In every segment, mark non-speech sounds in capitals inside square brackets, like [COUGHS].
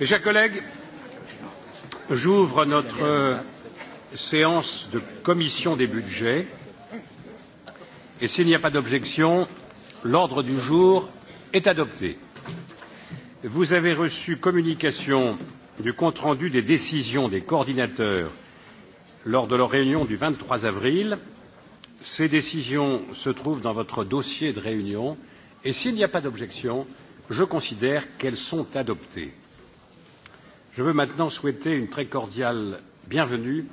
Mes chers collègues, j'ouvre notre euh, séance de commission des budgets et s'il n'y a pas d'objection, l'ordre du jour est adopté. Vous avez reçu communication du compte rendu des décisions des coordinateurs lors de leur réunion du 23 avril Ces décisions se trouvent dans votre dossier de réunion et s'il n'y a pas d'objection, je considère qu'elles sont adoptées. Je veux maintenant souhaiter une très cordiale bienvenue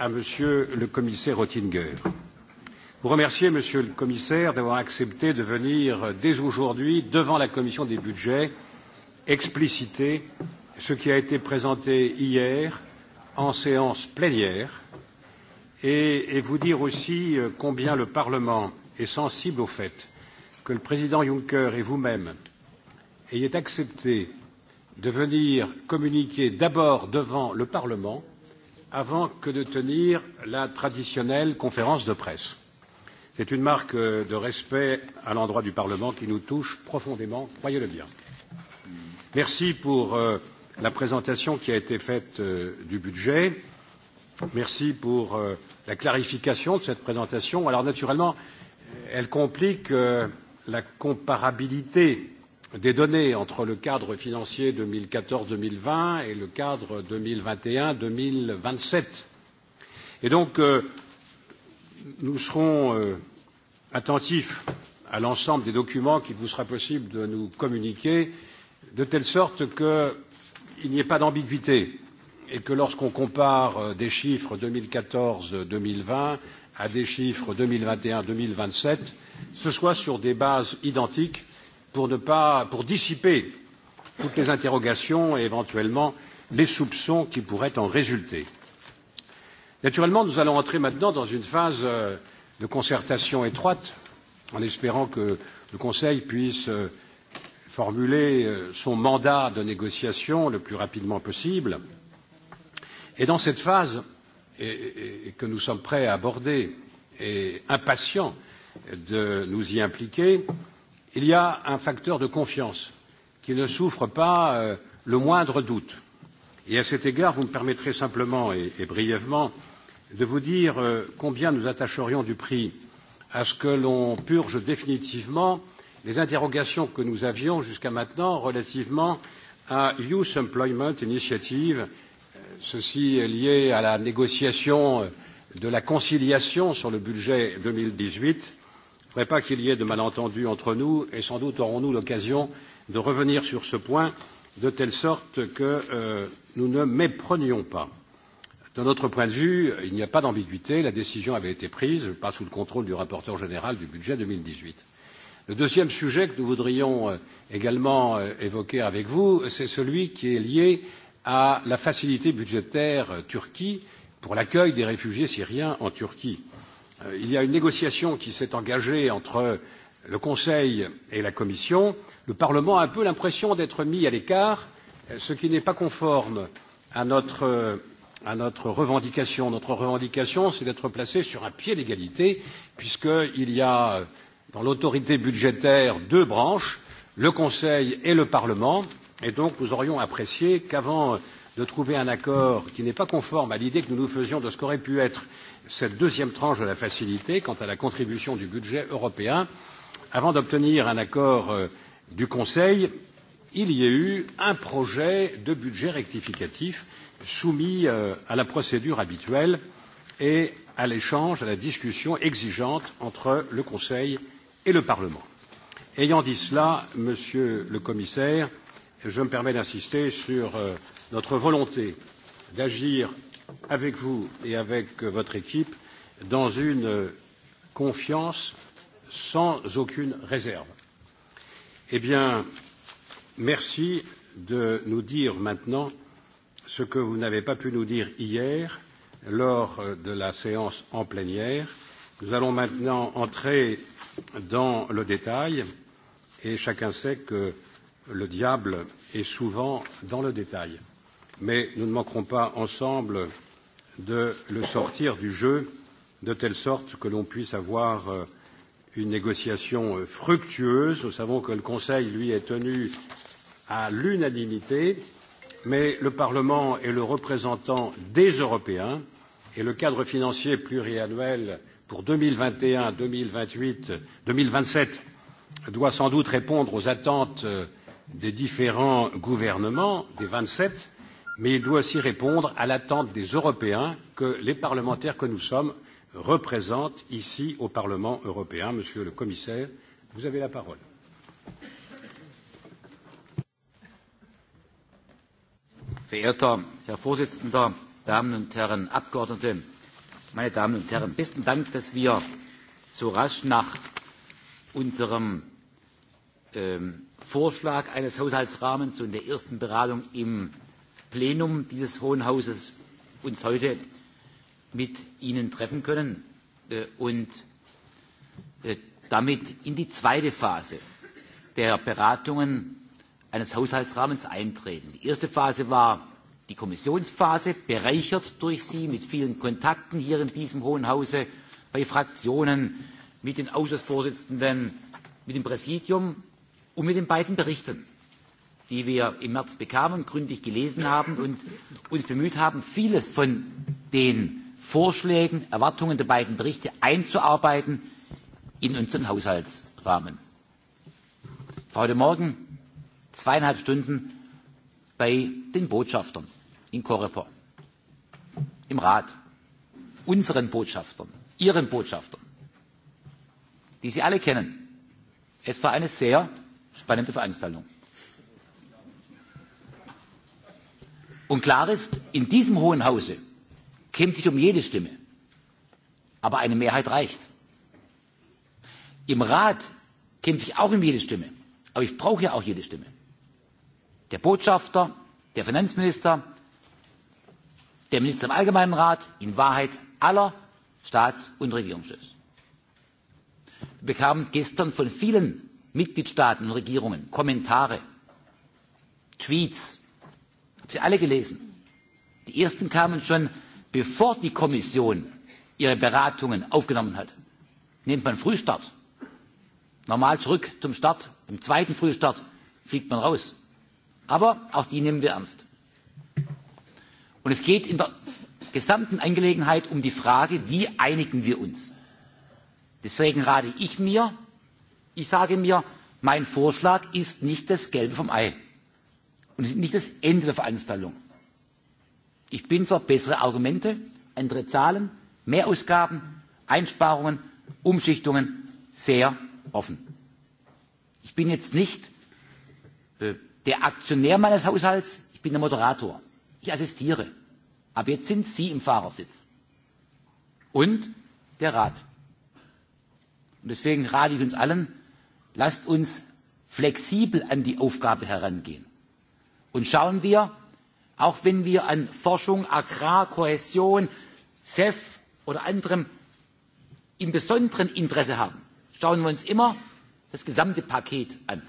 à Monsieur le commissaire Oettinger. Vous remercier, Monsieur le commissaire, d'avoir accepté de venir dès aujourd'hui devant la commission des budgets expliciter ce qui a été présenté hier en séance plénière et, et vous dire aussi euh, combien le Parlement est sensible au fait que le président Juncker et vous-même ayez accepté de venir communiquer d'abord devant le Parlement avant que de tenir la traditionnelle conférence de presse. C'est une marque euh, de respect à l'endroit du Parlement qui nous touche profondément, croyez-le bien. Merci pour euh, la présentation qui a été faite euh, du budget. Merci pour euh, la clarification de cette présentation. Alors naturellement, elle complique euh, la comparabilité des données entre le cadre financier 2014-2020 et le cadre 2021-2027. Et donc, euh, nous serons attentifs à l'ensemble des documents qu'il vous sera possible de nous communiquer, de telle sorte qu'il n'y ait pas d'ambiguïté et que lorsqu'on compare euh, des chiffres 2014-2020 à des chiffres 2021-2027, ce soit sur des bases identiques pour ne pas pour dissiper toutes les interrogations et éventuellement les soupçons qui pourraient en résulter. Naturellement, nous allons entrer maintenant dans une phase euh, de concertation étroite, en espérant que le Conseil puisse euh, formuler son mandat de négociation le plus rapidement possible. Et dans cette phase et, et, et que nous sommes prêts à aborder et impatients de nous y impliquer, il y a un facteur de confiance qui ne souffre pas euh, le moindre doute. Et à cet égard, vous me permettrez simplement et, et brièvement de vous dire euh, combien nous attacherions du prix à ce que l'on purge définitivement les interrogations que nous avions jusqu'à maintenant relativement à Youth Employment Initiative Ceci est lié à la négociation euh, de la conciliation sur le budget 2018. Je ne voudrais pas qu'il y ait de malentendus entre nous et sans doute aurons-nous l'occasion de revenir sur ce point de telle sorte que euh, nous ne méprenions pas. De notre point de vue, il n'y a pas d'ambiguïté. La décision avait été prise, pas sous le contrôle du rapporteur général du budget 2018. Le deuxième sujet que nous voudrions euh, également euh, évoquer avec vous, c'est celui qui est lié à la facilité budgétaire Turquie pour l'accueil des réfugiés syriens en Turquie. Euh, il y a une négociation qui s'est engagée entre le Conseil et la Commission. Le Parlement a un peu l'impression d'être mis à l'écart, ce qui n'est pas conforme à notre à notre revendication. Notre revendication, c'est d'être placé sur un pied d'égalité, puisqu'il y a dans l'autorité budgétaire deux branches, le Conseil et le Parlement, Et donc, nous aurions apprécié qu'avant de trouver un accord qui n'est pas conforme à l'idée que nous nous faisions de ce qu'aurait pu être cette deuxième tranche de la facilité quant à la contribution du budget européen, avant d'obtenir un accord euh, du Conseil, il y a eu un projet de budget rectificatif soumis euh, à la procédure habituelle et à l'échange, à la discussion exigeante entre le Conseil et le Parlement. Ayant dit cela, Monsieur le Commissaire, je me permets d'insister sur euh, notre volonté d'agir avec vous et avec euh, votre équipe dans une euh, confiance sans aucune réserve. Eh bien, merci de nous dire maintenant ce que vous n'avez pas pu nous dire hier lors de la séance en plénière. Nous allons maintenant entrer dans le détail et chacun sait que le diable est souvent dans le détail. Mais nous ne manquerons pas ensemble de le sortir du jeu de telle sorte que l'on puisse avoir euh, une négociation euh, fructueuse. Nous savons que le Conseil, lui, est tenu à l'unanimité, mais le Parlement est le représentant des Européens et le cadre financier pluriannuel pour 2021, 2028, 2027 doit sans doute répondre aux attentes euh, des différents gouvernements des vingt sept mais il doit aussi répondre à l'attente des européens que les parlementaires que nous sommes représentent ici au parlement européen. monsieur le commissaire vous avez la parole. verehrter herr präsident damen und herren abgeordnete! meine damen und herren besten dank dass wir so rasch nach unserem Ähm, Vorschlag eines Haushaltsrahmens und der ersten Beratung im Plenum dieses Hohen Hauses uns heute mit Ihnen treffen können äh, und äh, damit in die zweite Phase der Beratungen eines Haushaltsrahmens eintreten. Die erste Phase war die Kommissionsphase, bereichert durch Sie mit vielen Kontakten hier in diesem Hohen Hause, bei Fraktionen, mit den Ausschussvorsitzenden, mit dem Präsidium und um mit den beiden Berichten, die wir im März bekamen, gründlich gelesen haben und uns bemüht haben, vieles von den Vorschlägen, Erwartungen der beiden Berichte einzuarbeiten in unseren Haushaltsrahmen. Ich war heute Morgen zweieinhalb Stunden bei den Botschaftern in Coreper, im Rat, unseren Botschaftern, ihren Botschaftern, die Sie alle kennen. Es war eine sehr bei der Veranstaltung. Und klar ist, in diesem Hohen Hause kämpfe ich um jede Stimme. Aber eine Mehrheit reicht. Im Rat kämpfe ich auch um jede Stimme. Aber ich brauche ja auch jede Stimme. Der Botschafter, der Finanzminister, der Minister im Allgemeinen Rat, in Wahrheit aller Staats- und Regierungschefs. Wir bekamen gestern von vielen Mitgliedstaaten und Regierungen, Kommentare, Tweets, habe sie alle gelesen. Die ersten kamen schon, bevor die Kommission ihre Beratungen aufgenommen hat. Nehmt man Frühstart, normal zurück zum Start, im zweiten Frühstart fliegt man raus. Aber auch die nehmen wir ernst. Und es geht in der gesamten Angelegenheit um die Frage, wie einigen wir uns. Deswegen rate ich mir, ich sage mir mein vorschlag ist nicht das gelbe vom ei und nicht das ende der veranstaltung. ich bin für bessere argumente andere zahlen mehr ausgaben einsparungen umschichtungen sehr offen. ich bin jetzt nicht äh, der aktionär meines haushalts ich bin der moderator ich assistiere. aber jetzt sind sie im fahrersitz und der rat. deswegen rate ich uns Lasst uns flexibel an die Aufgabe herangehen. Und schauen wir, auch wenn wir an Forschung, Agrar, Kohäsion, CEF oder anderem im besonderen Interesse haben, schauen wir uns immer das gesamte Paket an.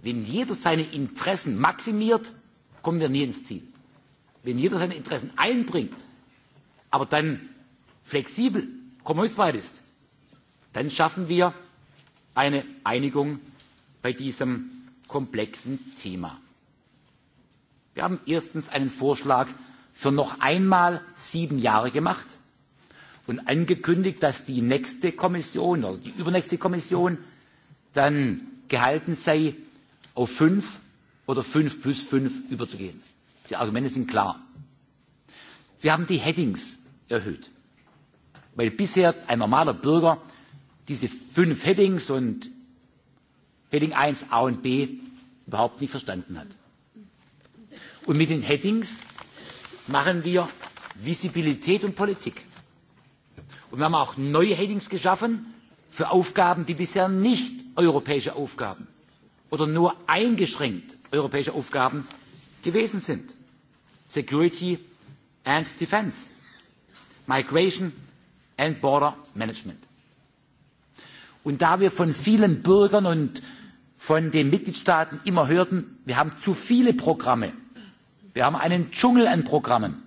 Wenn jeder seine Interessen maximiert, kommen wir nie ins Ziel. Wenn jeder seine Interessen einbringt, aber dann flexibel, kompromissbereit ist, dann schaffen wir eine Einigung bei diesem komplexen Thema. Wir haben erstens einen Vorschlag für noch einmal sieben Jahre gemacht und angekündigt, dass die nächste Kommission oder die übernächste Kommission dann gehalten sei, auf fünf oder fünf plus fünf überzugehen. Die Argumente sind klar. Wir haben die Headings erhöht, weil bisher ein normaler Bürger diese fünf Headings und Heading 1a und b überhaupt nicht verstanden hat. Und mit den Headings machen wir Visibilität und Politik. Und wir haben auch neue Headings geschaffen für Aufgaben, die bisher nicht europäische Aufgaben oder nur eingeschränkt europäische Aufgaben gewesen sind. Security and Defence, Migration and Border Management. Und da wir von vielen Bürgern und von den Mitgliedstaaten immer hörten, wir haben zu viele Programme, wir haben einen Dschungel an Programmen,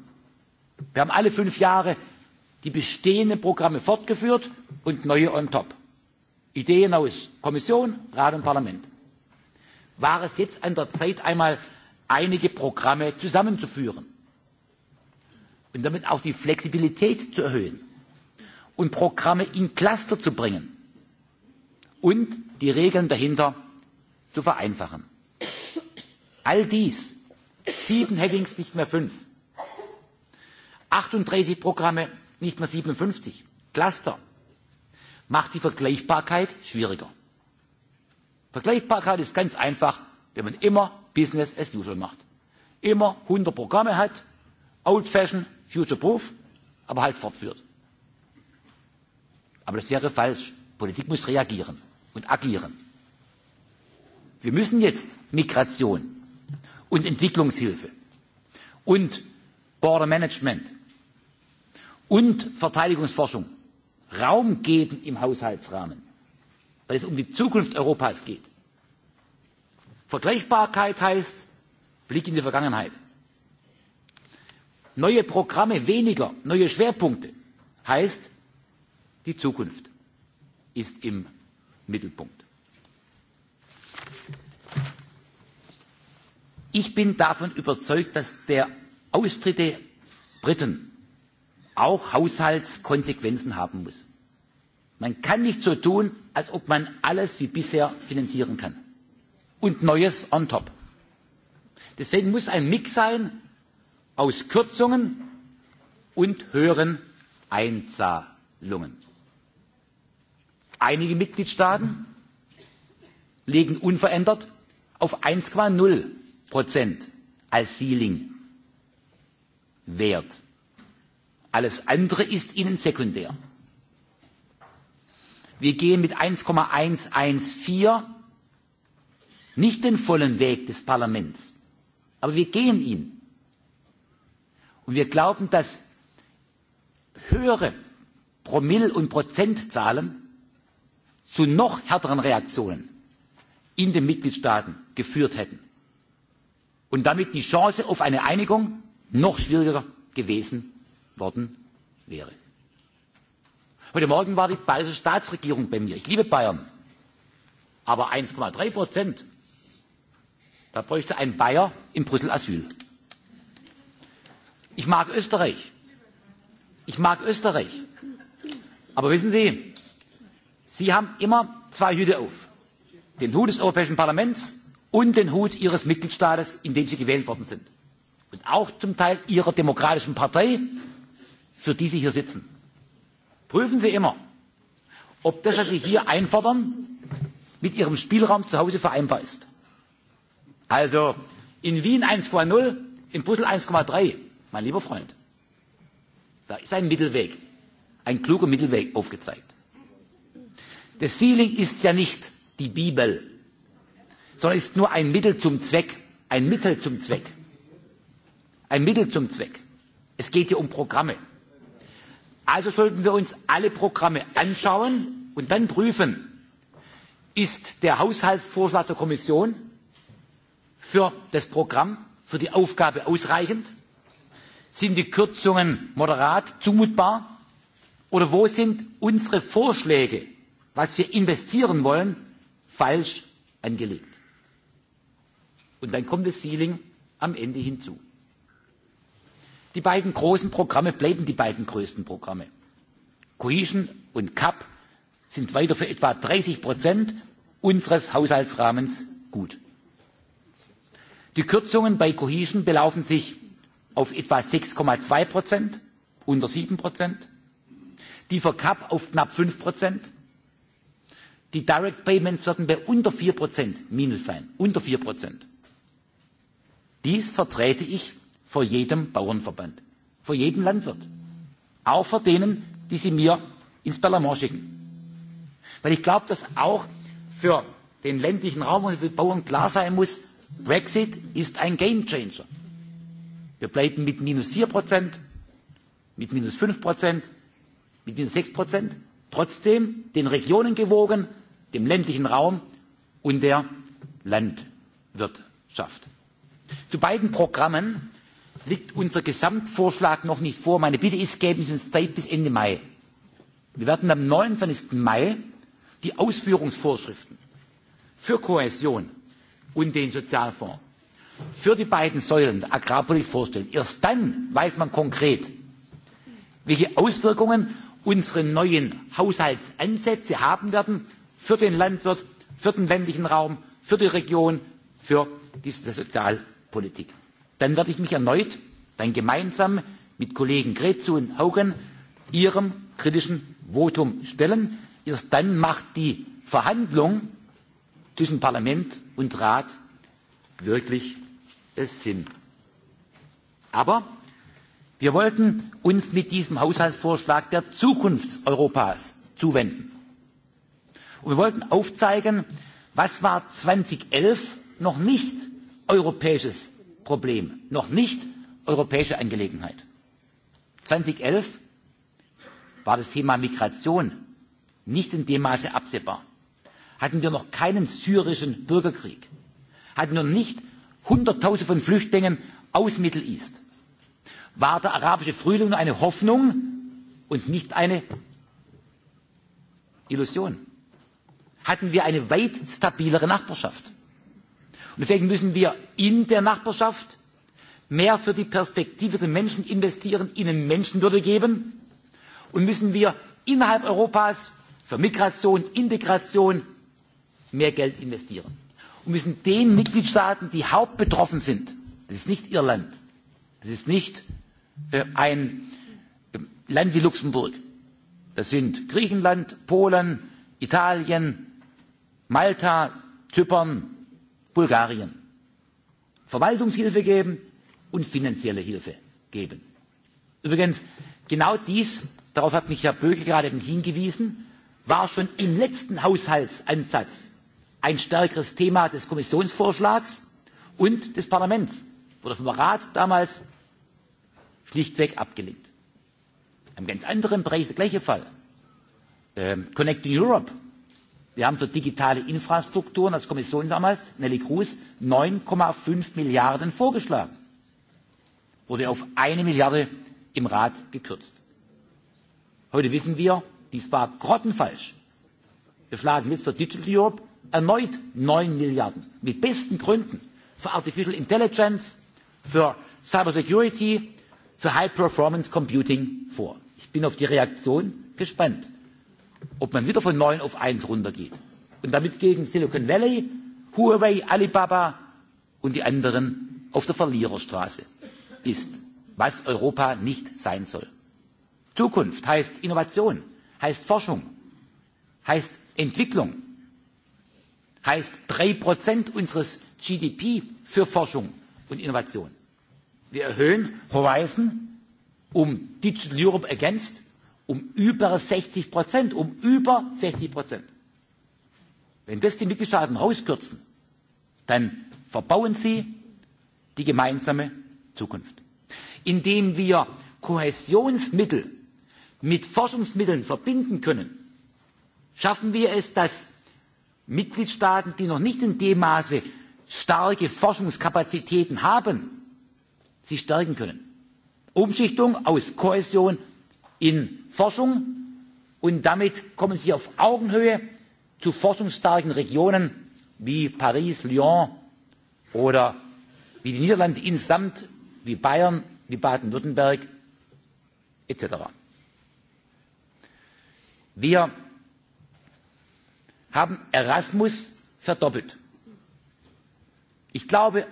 wir haben alle fünf Jahre die bestehenden Programme fortgeführt und neue on top. Ideen aus Kommission, Rat und Parlament. War es jetzt an der Zeit, einmal einige Programme zusammenzuführen und damit auch die Flexibilität zu erhöhen und Programme in Cluster zu bringen? und die Regeln dahinter zu vereinfachen. All dies, sieben Headings, nicht mehr fünf, 38 Programme, nicht mehr siebenundfünfzig Cluster, macht die Vergleichbarkeit schwieriger. Vergleichbarkeit ist ganz einfach, wenn man immer Business as usual macht. Immer hundert Programme hat, old fashion, future proof, aber halt fortführt. Aber das wäre falsch. Politik muss reagieren und agieren. Wir müssen jetzt Migration und Entwicklungshilfe und Border Management und Verteidigungsforschung Raum geben im Haushaltsrahmen, weil es um die Zukunft Europas geht. Vergleichbarkeit heißt Blick in die Vergangenheit. Neue Programme weniger, neue Schwerpunkte heißt, die Zukunft ist im Mittelpunkt. Ich bin davon überzeugt, dass der Austritt der Briten auch Haushaltskonsequenzen haben muss. Man kann nicht so tun, als ob man alles wie bisher finanzieren kann. Und Neues on top. Deswegen muss ein Mix sein aus Kürzungen und höheren Einzahlungen einige mitgliedstaaten legen unverändert auf eins null als ceiling wert. alles andere ist ihnen sekundär. wir gehen mit eintausendeinhundertvierzehn nicht den vollen weg des parlaments aber wir gehen ihn. und wir glauben dass höhere promille und prozentzahlen zu noch härteren Reaktionen in den Mitgliedstaaten geführt hätten und damit die Chance auf eine Einigung noch schwieriger gewesen worden wäre. Heute Morgen war die bayerische Staatsregierung bei mir. Ich liebe Bayern. Aber 1,3 Prozent, da bräuchte ein Bayer in Brüssel Asyl. Ich mag Österreich. Ich mag Österreich. Aber wissen Sie, Sie haben immer zwei Hüte auf. Den Hut des Europäischen Parlaments und den Hut Ihres Mitgliedstaates, in dem Sie gewählt worden sind. Und auch zum Teil Ihrer demokratischen Partei, für die Sie hier sitzen. Prüfen Sie immer, ob das, was Sie hier einfordern, mit Ihrem Spielraum zu Hause vereinbar ist. Also in Wien 1,0, in Brüssel 1,3, mein lieber Freund. Da ist ein Mittelweg, ein kluger Mittelweg aufgezeigt. Das Ceiling ist ja nicht die Bibel, sondern ist nur ein Mittel zum Zweck, ein Mittel zum Zweck, ein Mittel zum Zweck. Es geht hier um Programme. Also sollten wir uns alle Programme anschauen und dann prüfen, ist der Haushaltsvorschlag der Kommission für das Programm, für die Aufgabe ausreichend? Sind die Kürzungen moderat zumutbar? Oder wo sind unsere Vorschläge was wir investieren wollen, falsch angelegt. Und dann kommt das Ceiling am Ende hinzu. Die beiden großen Programme bleiben die beiden größten Programme. Cohesion und CAP sind weiter für etwa 30 Prozent unseres Haushaltsrahmens gut. Die Kürzungen bei Cohesion belaufen sich auf etwa 6,2 Prozent, unter 7 Prozent, die für CAP auf knapp 5 Prozent die direct payments werden bei unter vier Prozent minus sein unter vier Prozent. dies vertrete ich vor jedem bauernverband vor jedem landwirt auch vor denen die sie mir ins parlament schicken weil ich glaube dass auch für den ländlichen raum und für die bauern klar sein muss brexit ist ein game changer. wir bleiben mit minus vier Prozent, mit minus fünf Prozent, mit minus sechs Prozent trotzdem den regionen gewogen dem ländlichen Raum und der Landwirtschaft. Zu beiden Programmen liegt unser Gesamtvorschlag noch nicht vor. Meine Bitte ist, geben Sie uns Zeit bis Ende Mai. Wir werden am neunundzwanzig Mai die Ausführungsvorschriften für Kohäsion und den Sozialfonds für die beiden Säulen der Agrarpolitik vorstellen. Erst dann weiß man konkret, welche Auswirkungen unsere neuen Haushaltsansätze haben werden für den landwirt für den ländlichen raum für die region für die sozialpolitik. dann werde ich mich erneut dann gemeinsam mit kollegen creu und hogan ihrem kritischen votum stellen. erst dann macht die verhandlung zwischen parlament und rat wirklich sinn. aber wir wollten uns mit diesem haushaltsvorschlag der zukunft europas zuwenden. Und wir wollten aufzeigen, was war 2011 noch nicht europäisches Problem, noch nicht europäische Angelegenheit. zweitausendelf war das Thema Migration nicht in dem Maße absehbar. Hatten wir noch keinen syrischen Bürgerkrieg, hatten wir nicht Hunderttausende von Flüchtlingen aus Middle East, war der arabische Frühling nur eine Hoffnung und nicht eine Illusion hatten wir eine weit stabilere Nachbarschaft. Und deswegen müssen wir in der Nachbarschaft mehr für die Perspektive der Menschen investieren, ihnen Menschenwürde geben und müssen wir innerhalb Europas für Migration, Integration mehr Geld investieren. Und müssen den Mitgliedstaaten, die hauptbetroffen sind, das ist nicht Irland, das ist nicht äh, ein äh, Land wie Luxemburg, das sind Griechenland, Polen, Italien, Malta, Zypern, Bulgarien Verwaltungshilfe geben und finanzielle Hilfe geben. Übrigens, genau dies, darauf hat mich Herr Böge gerade eben hingewiesen, war schon im letzten Haushaltsansatz ein stärkeres Thema des Kommissionsvorschlags und des Parlaments. Wurde vom Rat damals schlichtweg abgelehnt. Im ganz anderen Bereich der gleiche Fall. Ähm, Connecting Europe Wir haben für digitale Infrastrukturen als Kommission damals, neelie kroes neun fünf Milliarden vorgeschlagen. Wurde auf eine Milliarde im Rat gekürzt. Heute wissen wir, dies war grottenfalsch. Wir schlagen jetzt für Digital Europe erneut neun Milliarden. Mit besten Gründen. Für Artificial Intelligence, für cyber security für High Performance Computing vor. Ich bin auf die Reaktion gespannt ob man wieder von neun auf eins runtergeht und damit gegen Silicon Valley, Huawei, Alibaba und die anderen auf der Verliererstraße ist, was Europa nicht sein soll. Zukunft heißt Innovation, heißt Forschung, heißt Entwicklung, heißt drei Prozent unseres GDP für Forschung und Innovation. Wir erhöhen Horizon um Digital Europe ergänzt um über sechzig Prozent, um über sechzig Prozent. Wenn das die Mitgliedstaaten rauskürzen, dann verbauen sie die gemeinsame Zukunft. Indem wir Kohäsionsmittel mit Forschungsmitteln verbinden können, schaffen wir es, dass Mitgliedstaaten, die noch nicht in dem Maße starke Forschungskapazitäten haben, sie stärken können. Umschichtung aus Kohäsion in forschung und damit kommen sie auf augenhöhe zu forschungsstarken regionen wie paris lyon oder wie die niederlande insgesamt wie bayern wie baden württemberg etc. wir haben erasmus verdoppelt. ich glaube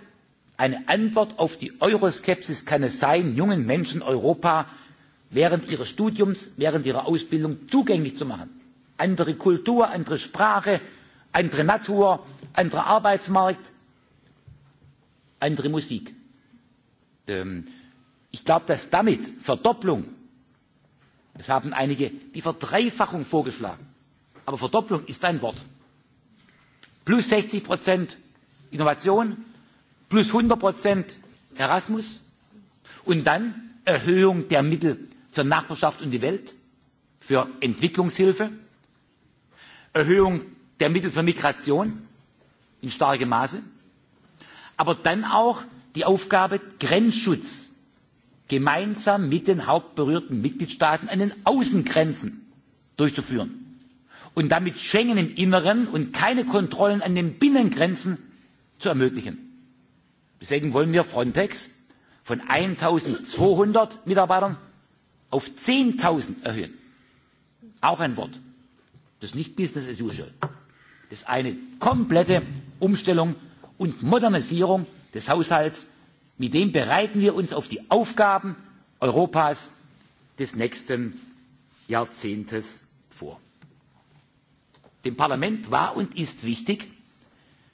eine antwort auf die euroskepsis kann es sein jungen menschen europa während ihres studiums während ihrer ausbildung zugänglich zu machen andere kultur andere sprache andere natur anderer arbeitsmarkt andere musik. Ähm, ich glaube dass damit verdopplung es haben einige die verdreifachung vorgeschlagen aber verdopplung ist ein wort plus sechzig innovation plus einhundert erasmus und dann erhöhung der mittel für Nachbarschaft und die Welt, für Entwicklungshilfe, Erhöhung der Mittel für Migration in starkem Maße, aber dann auch die Aufgabe Grenzschutz gemeinsam mit den hauptberührten Mitgliedstaaten an den Außengrenzen durchzuführen und damit Schengen im Inneren und keine Kontrollen an den Binnengrenzen zu ermöglichen. Deswegen wollen wir Frontex von eins zweihundert Mitarbeitern auf 10.000 erhöhen. Auch ein Wort. Das ist nicht Business as usual. Das ist eine komplette Umstellung und Modernisierung des Haushalts. Mit dem bereiten wir uns auf die Aufgaben Europas des nächsten Jahrzehntes vor. Dem Parlament war und ist wichtig,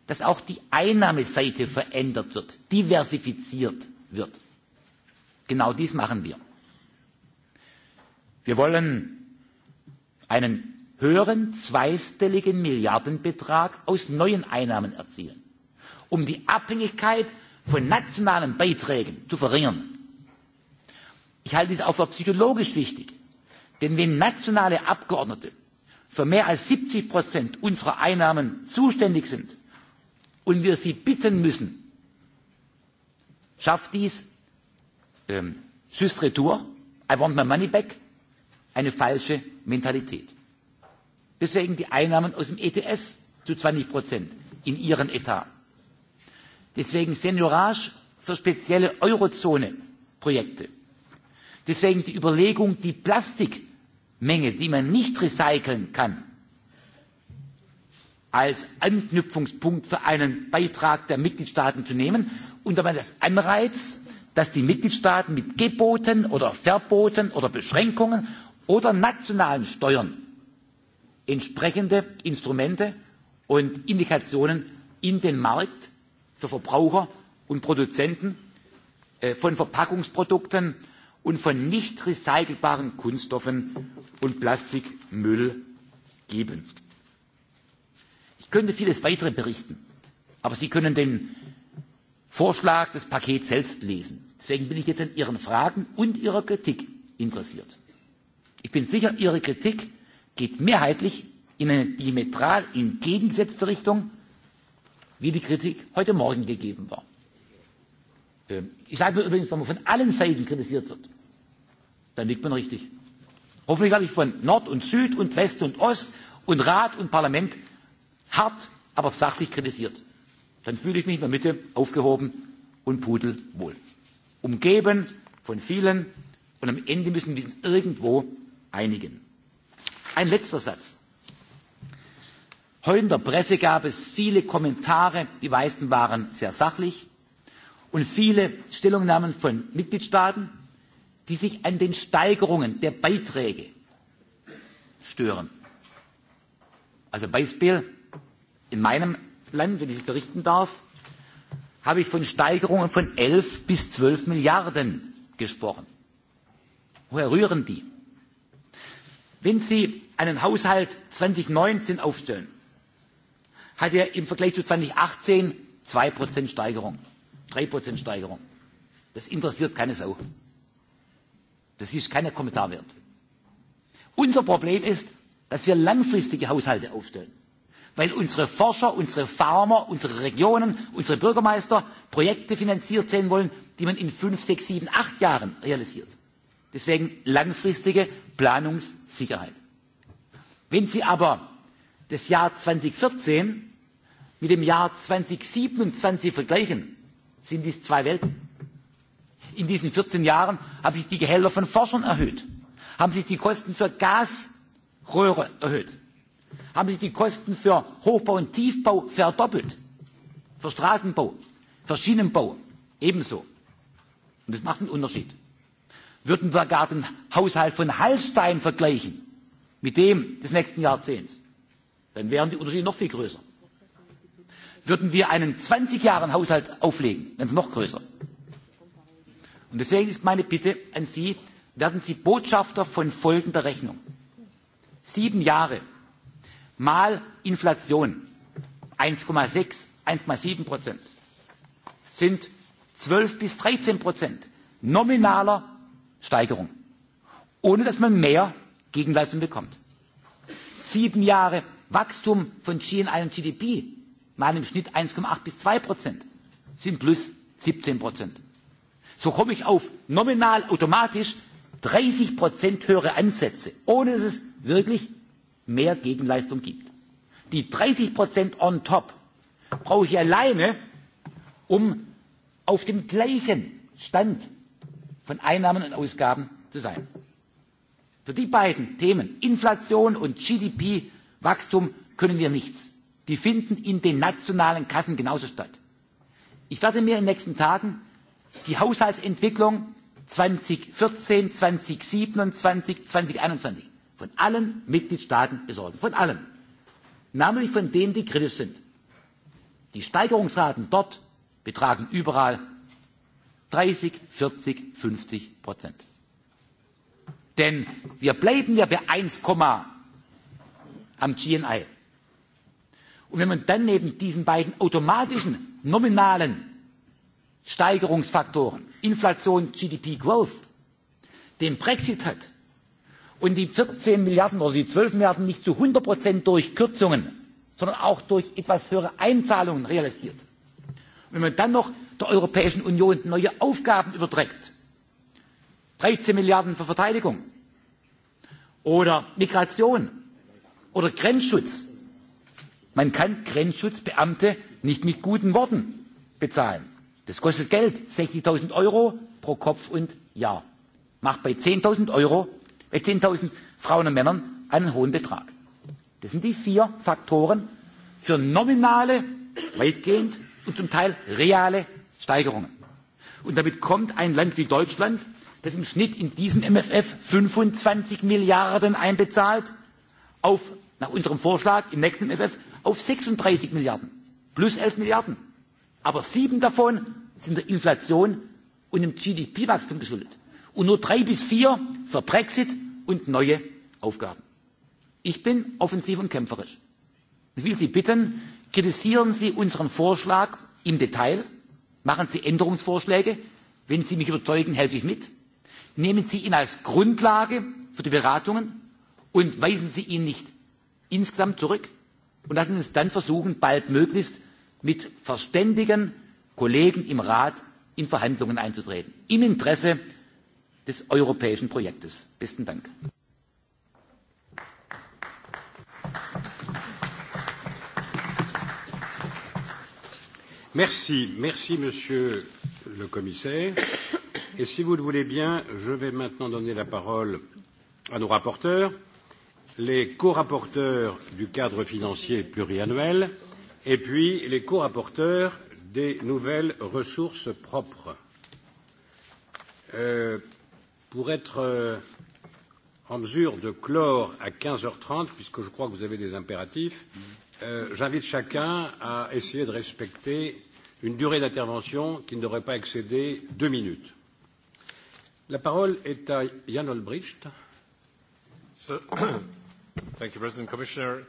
dass auch die Einnahmeseite verändert wird, diversifiziert wird. Genau dies machen wir wir wollen einen höheren zweistelligen milliardenbetrag aus neuen einnahmen erzielen um die abhängigkeit von nationalen beiträgen zu verringern. ich halte dies auch für psychologisch wichtig denn wenn nationale abgeordnete für mehr als siebzig unserer einnahmen zuständig sind und wir sie bitten müssen schafft dies ähm, juste retour i want my money back eine falsche Mentalität. Deswegen die Einnahmen aus dem ETS zu 20 Prozent in ihren Etat. Deswegen Seniorage für spezielle Eurozone-Projekte. Deswegen die Überlegung, die Plastikmenge, die man nicht recyceln kann, als Anknüpfungspunkt für einen Beitrag der Mitgliedstaaten zu nehmen, und unter das Anreiz, dass die Mitgliedstaaten mit Geboten oder Verboten oder Beschränkungen oder nationalen Steuern entsprechende Instrumente und Indikationen in den Markt für Verbraucher und Produzenten äh, von Verpackungsprodukten und von nicht recycelbaren Kunststoffen und Plastikmüll geben. Ich könnte vieles weitere berichten, aber Sie können den Vorschlag des Pakets selbst lesen. Deswegen bin ich jetzt an Ihren Fragen und Ihrer Kritik interessiert. Ich bin sicher, Ihre Kritik geht mehrheitlich in eine diametral entgegengesetzte Richtung, wie die Kritik heute Morgen gegeben war. Ähm, ich sage mir übrigens, wenn man von allen Seiten kritisiert wird, dann liegt man richtig. Hoffentlich werde ich von Nord und Süd und West und Ost und Rat und Parlament hart, aber sachlich kritisiert. Dann fühle ich mich in der Mitte aufgehoben und pudelwohl. Umgeben von vielen und am Ende müssen wir uns irgendwo einigen. Ein letzter Satz. Heute in der Presse gab es viele Kommentare, die meisten waren sehr sachlich, und viele Stellungnahmen von Mitgliedstaaten, die sich an den Steigerungen der Beiträge stören. Also Beispiel, in meinem Land, wenn ich es berichten darf, habe ich von Steigerungen von elf bis zwölf Milliarden gesprochen. Woher rühren die? Wenn Sie einen Haushalt 2019 aufstellen, hat er im Vergleich zu 2018 Prozent Steigerung, Prozent Steigerung. Das interessiert keine Sau. Das ist keiner Kommentar wert. Unser Problem ist, dass wir langfristige Haushalte aufstellen, weil unsere Forscher, unsere Farmer, unsere Regionen, unsere Bürgermeister Projekte finanziert sehen wollen, die man in fünf, sechs, sieben, acht Jahren realisiert. Deswegen langfristige Planungssicherheit. Wenn Sie aber das Jahr zweitausendvierzehn mit dem Jahr zweitausendsiebenundzwanzig vergleichen, sind dies zwei Welten. In diesen vierzehn Jahren haben sich die Gehälter von Forschern erhöht, haben sich die Kosten für Gasröhre erhöht, haben sich die Kosten für Hochbau und Tiefbau verdoppelt, für Straßenbau, für Schienenbau ebenso. Und das macht einen Unterschied würden wir gar den Haushalt von Hallstein vergleichen mit dem des nächsten Jahrzehnts, dann wären die Unterschiede noch viel größer. Würden wir einen zwanzig Jahren Haushalt auflegen, dann sie noch größer. Und deswegen ist meine Bitte an Sie, werden Sie Botschafter von folgender Rechnung. Sieben Jahre mal Inflation 1,6, 1,7 Prozent sind 12 bis 13 Prozent nominaler Steigerung, ohne dass man mehr Gegenleistung bekommt. Sieben Jahre Wachstum von GNI und GDP, mal im Schnitt 1,8 bis 2 Prozent, sind plus 17 Prozent. So komme ich auf nominal automatisch 30 Prozent höhere Ansätze, ohne dass es wirklich mehr Gegenleistung gibt. Die 30 Prozent on top brauche ich alleine, um auf dem gleichen Stand von Einnahmen und Ausgaben zu sein. Für die beiden Themen Inflation und GDP Wachstum können wir nichts. Die finden in den nationalen Kassen genauso statt. Ich werde mir in den nächsten Tagen die Haushaltsentwicklung 2014, 2027, 2021 von allen Mitgliedstaaten besorgen. Von allen. Namentlich von denen, die kritisch sind. Die Steigerungsraten dort betragen überall 30, 40, 50 Prozent. Denn wir bleiben ja bei 1, am GNI. Und wenn man dann neben diesen beiden automatischen nominalen Steigerungsfaktoren Inflation, GDP, Growth, den Brexit hat und die 14 Milliarden oder die 12 Milliarden nicht zu 100 Prozent durch Kürzungen, sondern auch durch etwas höhere Einzahlungen realisiert. Und wenn man dann noch der Europäischen Union neue Aufgaben überträgt. dreizehn Milliarden für Verteidigung oder Migration oder Grenzschutz. Man kann Grenzschutzbeamte nicht mit guten Worten bezahlen. Das kostet Geld, sechzig null Euro pro Kopf und Jahr. Macht bei 10.000 Euro, bei 10.000 Frauen und Männern einen hohen Betrag. Das sind die vier Faktoren für nominale, weitgehend und zum Teil reale Steigerungen. Und damit kommt ein Land wie Deutschland, das im Schnitt in diesem MFF 25 Milliarden einbezahlt, auf, nach unserem Vorschlag im nächsten MFF auf 36 Milliarden, plus 11 Milliarden. Aber sieben davon sind der Inflation und dem GDP-Wachstum geschuldet. Und nur drei bis vier für Brexit und neue Aufgaben. Ich bin offensiv und kämpferisch. Ich will Sie bitten, kritisieren Sie unseren Vorschlag im Detail Machen Sie Änderungsvorschläge. Wenn Sie mich überzeugen, helfe ich mit. Nehmen Sie ihn als Grundlage für die Beratungen und weisen Sie ihn nicht insgesamt zurück. Und lassen Sie uns dann versuchen, baldmöglichst mit verständigen Kollegen im Rat in Verhandlungen einzutreten. Im Interesse des europäischen Projektes. Besten Dank. Merci, merci Monsieur le Commissaire. Et si vous le voulez bien, je vais maintenant donner la parole à nos rapporteurs, les co-rapporteurs du cadre financier pluriannuel et puis les co-rapporteurs des nouvelles ressources propres. Euh, pour être euh, en mesure de clore à 15h30, puisque je crois que vous avez des impératifs, euh, j'invite chacun à essayer de respecter une durée d'intervention qui ne devrait pas excéder deux minutes. La parole est à Jan Olbricht. So, [COUGHS] thank you, President Commissioner.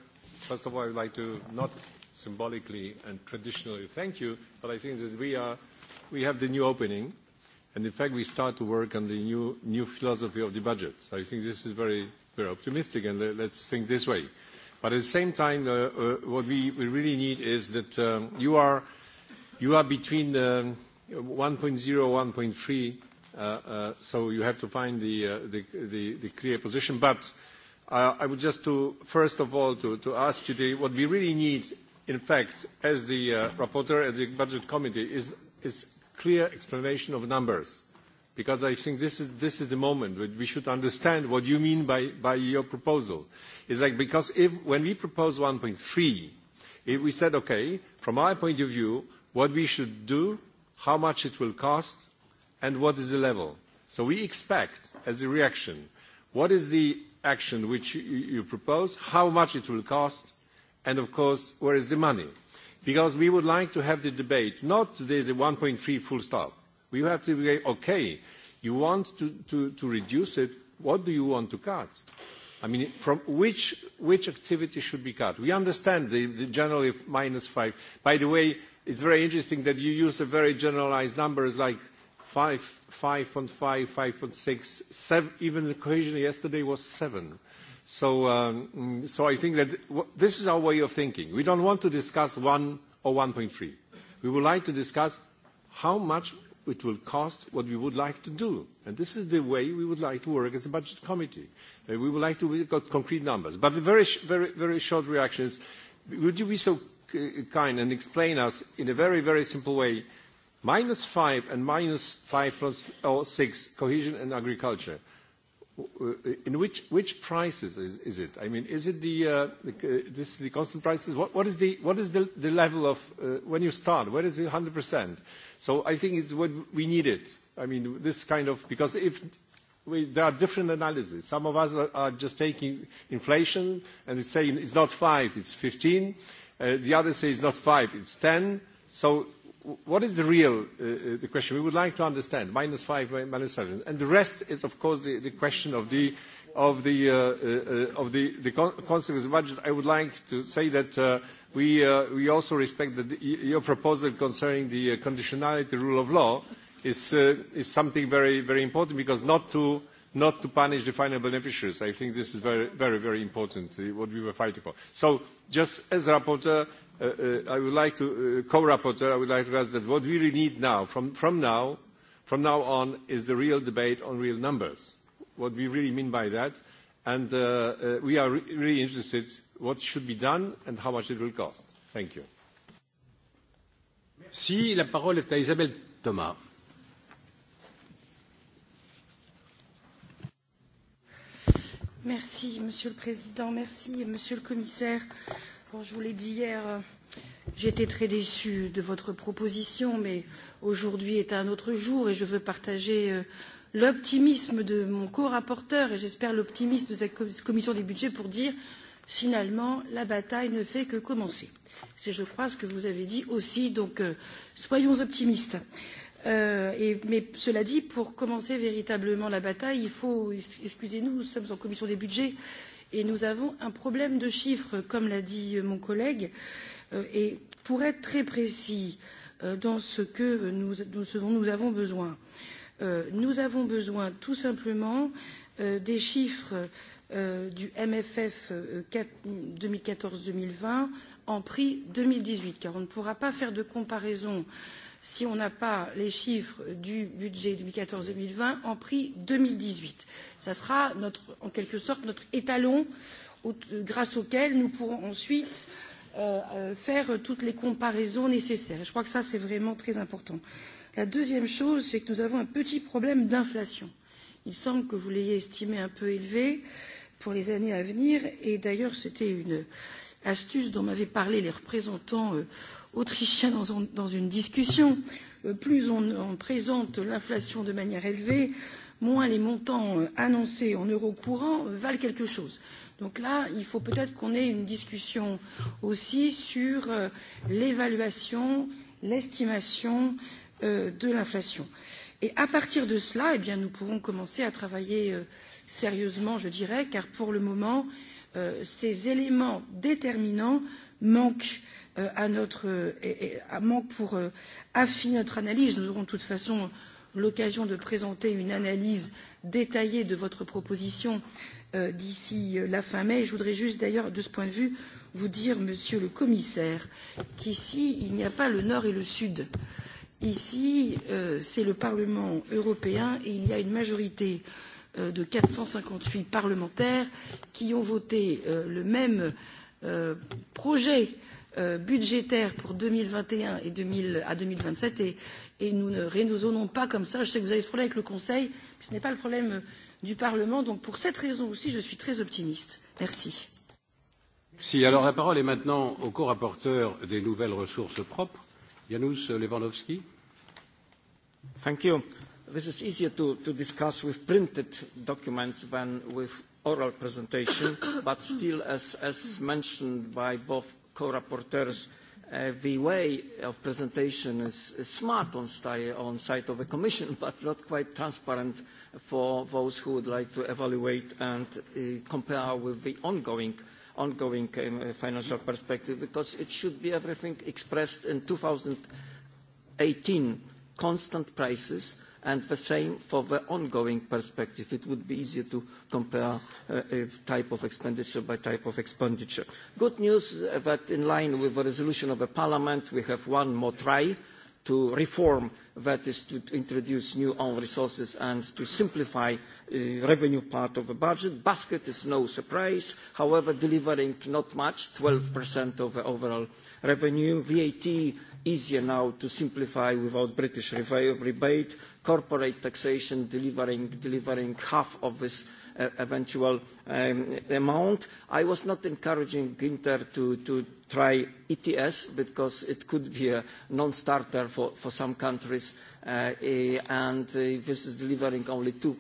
First of all, I would like to not symbolically and traditionally thank you, but I think that we, are, we have the new opening, and in fact we start to work on the new, new philosophy of the budget. So I think this is very, very optimistic, and let's think this way. But at the same time, uh, uh, what we, we really need is that um, you are – you are between 1.0, um, 1.3, uh, uh, so you have to find the, uh, clear position. But I would just to, first of all, to, ask you what we really need, in fact, as the rapporteur at the Budget Committee, is, clear explanation of numbers because I think this is, the moment when we should understand what you mean by, by your proposal. It's like because if when we propose 1.3, if we said, okay, from our point of view, what we should do, how much it will cost, and what is the level. So we expect, as a reaction, what is the action which you, propose, how much it will cost, and of course, where is the money? Because we would like to have the debate, not the, the 1.3 full stop. We have to say, okay, you want to, to, to reduce it, what do you want to cut? I mean, from which, which activity should be cut? We understand the, the generally minus five. By the way, it's very interesting that you use a very generalized numbers like 5, 5.5, 5.6, seven, even the cohesion yesterday was 7. So, um, so I think that this is our way of thinking. We don't want to discuss 1 or 1.3. We would like to discuss how much it will cost what we would like to do. And this is the way we would like to work as a budget committee. Uh, we would like to, we've concrete numbers. But the very, very, very short reaction is, would you be so Uh, kind and explain us in a very, very simple way minus 5 and minus 5 plus or 6 cohesion and agriculture uh, in which which prices is, is it i mean is it the, uh, the uh, this the constant prices what what is the what is the, the level of uh, when you start Where is it 100% so i think it's what we need it i mean this kind of because if we, there are different analyses some of us are, are just taking inflation and saying say it's not five, it's 15 Uh, the others say it's not five, it's ten. So what is the real uh, uh, the question? We would like to understand minus five, minus seven, and the rest is of course the, the question of the of the uh, uh, uh of the, the consequence of budget. I would like to say that. Uh, we, uh, we also respect that your proposal concerning the conditionality rule of law is, uh, is something very, very important because not to not to punish the final beneficiaries. I think this is very, very, very important, uh, what we were fighting for. So just as rapporteur, uh, uh, I would like to, uh, co-rapporteur, I would like to ask that what we really need now, from, from now, from now on, is the real debate on real numbers. What we really mean by that. And uh, uh, we are re really interested what should be done and how much it will cost. Thank you. Merci. La parole est à Isabelle Thomas. Merci, Monsieur le Président. Merci, Monsieur le Commissaire. Bon, je vous l'ai dit hier, euh, j'étais très déçue de votre proposition, mais aujourd'hui est un autre jour et je veux partager euh, l'optimisme de mon co-rapporteur et j'espère l'optimisme de cette commission des budgets pour dire finalement la bataille ne fait que commencer. C'est, je crois, ce que vous avez dit aussi, donc euh, soyons optimistes. Euh, mais cela dit, pour commencer véritablement la bataille, il faut, excusez-nous, nous sommes en commission des budgets et nous avons un problème de chiffres, comme l'a dit euh, mon collègue. Euh, et pour être très précis dans ce, que nous, ce dont nous avons besoin, nous avons besoin tout simplement des chiffres du MFF 2014-2020 en prix 2018, car on ne pourra pas faire de comparaison si on n'a pas les chiffres du budget deux deux mille quatorze mille vingt en prix deux mille dix huit ce sera notre, en quelque sorte notre étalon grâce auquel nous pourrons ensuite euh, euh, faire toutes les comparaisons nécessaires. Je crois que ça, c'est vraiment très important. La deuxième chose, c'est que nous avons un petit problème d'inflation. Il semble que vous l'ayez estimé un peu élevé pour les années à venir, et d'ailleurs, c'était une astuce dont m'avaient parlé les représentants euh, autrichien dans, un, dans une discussion. Euh, plus on, on présente l'inflation de manière élevée, moins les montants euh, annoncés en euros courants valent quelque chose. Donc là, il faut peut-être qu'on ait une discussion aussi sur euh, l'évaluation, l'estimation euh, de l'inflation. Et à partir de cela, eh bien, nous pourrons commencer à travailler euh, sérieusement, je dirais, car pour le moment, euh, ces éléments déterminants manquent Euh, à notre, euh, à manque pour euh, affiner notre analyse. Nous aurons de toute façon l'occasion de présenter une analyse détaillée de votre proposition d'ici la fin mai. Je voudrais juste d'ailleurs, de ce point de vue, vous dire, Monsieur le Commissaire, qu'ici, il n'y a pas le Nord et le Sud. Ici, c'est le Parlement européen et il y a une majorité euh, de 458 parlementaires qui ont voté le même projet euh, Euh, budgétaire pour deux mille vingt et un et à deux mille vingt sept et nous ne raisonnons pas comme cela. je sais que vous avez ce problème avec le conseil mais ce n'est pas le problème euh, du parlement donc pour cette raison aussi je suis très optimiste. merci. Si, alors la parole est maintenant au corapporteur des nouvelles ressources propres janusz lewandowski. thank you. this is easier to, to discuss with printed documents than with oral presentation but still as, as mentioned by both co-rapporteurs, uh, eh, the way of presentation is, is smart on, sti- on side of the Commission, [LAUGHS] but not quite transparent for those who would like to evaluate and uh, compare with the ongoing ongoing um, financial perspective, because it should be everything expressed in 2018 constant prices, and the same for the ongoing perspective. It would be easier to compare uh, type of expenditure by type of expenditure. Good news uh, that in line with the resolution of the Parliament, we have one more try to reform, that is to introduce new own resources and to simplify the uh, revenue part of the budget. Basket is no surprise, however, delivering not much, 12% of the overall revenue. VAT easier now to simplify without British rebate. Corporate taxation delivering, delivering half of this uh, eventual um, amount. I was not encouraging Ginter to, to try ETS because it could be a non-starter for, for some countries uh, eh, and uh, this is delivering only 2%,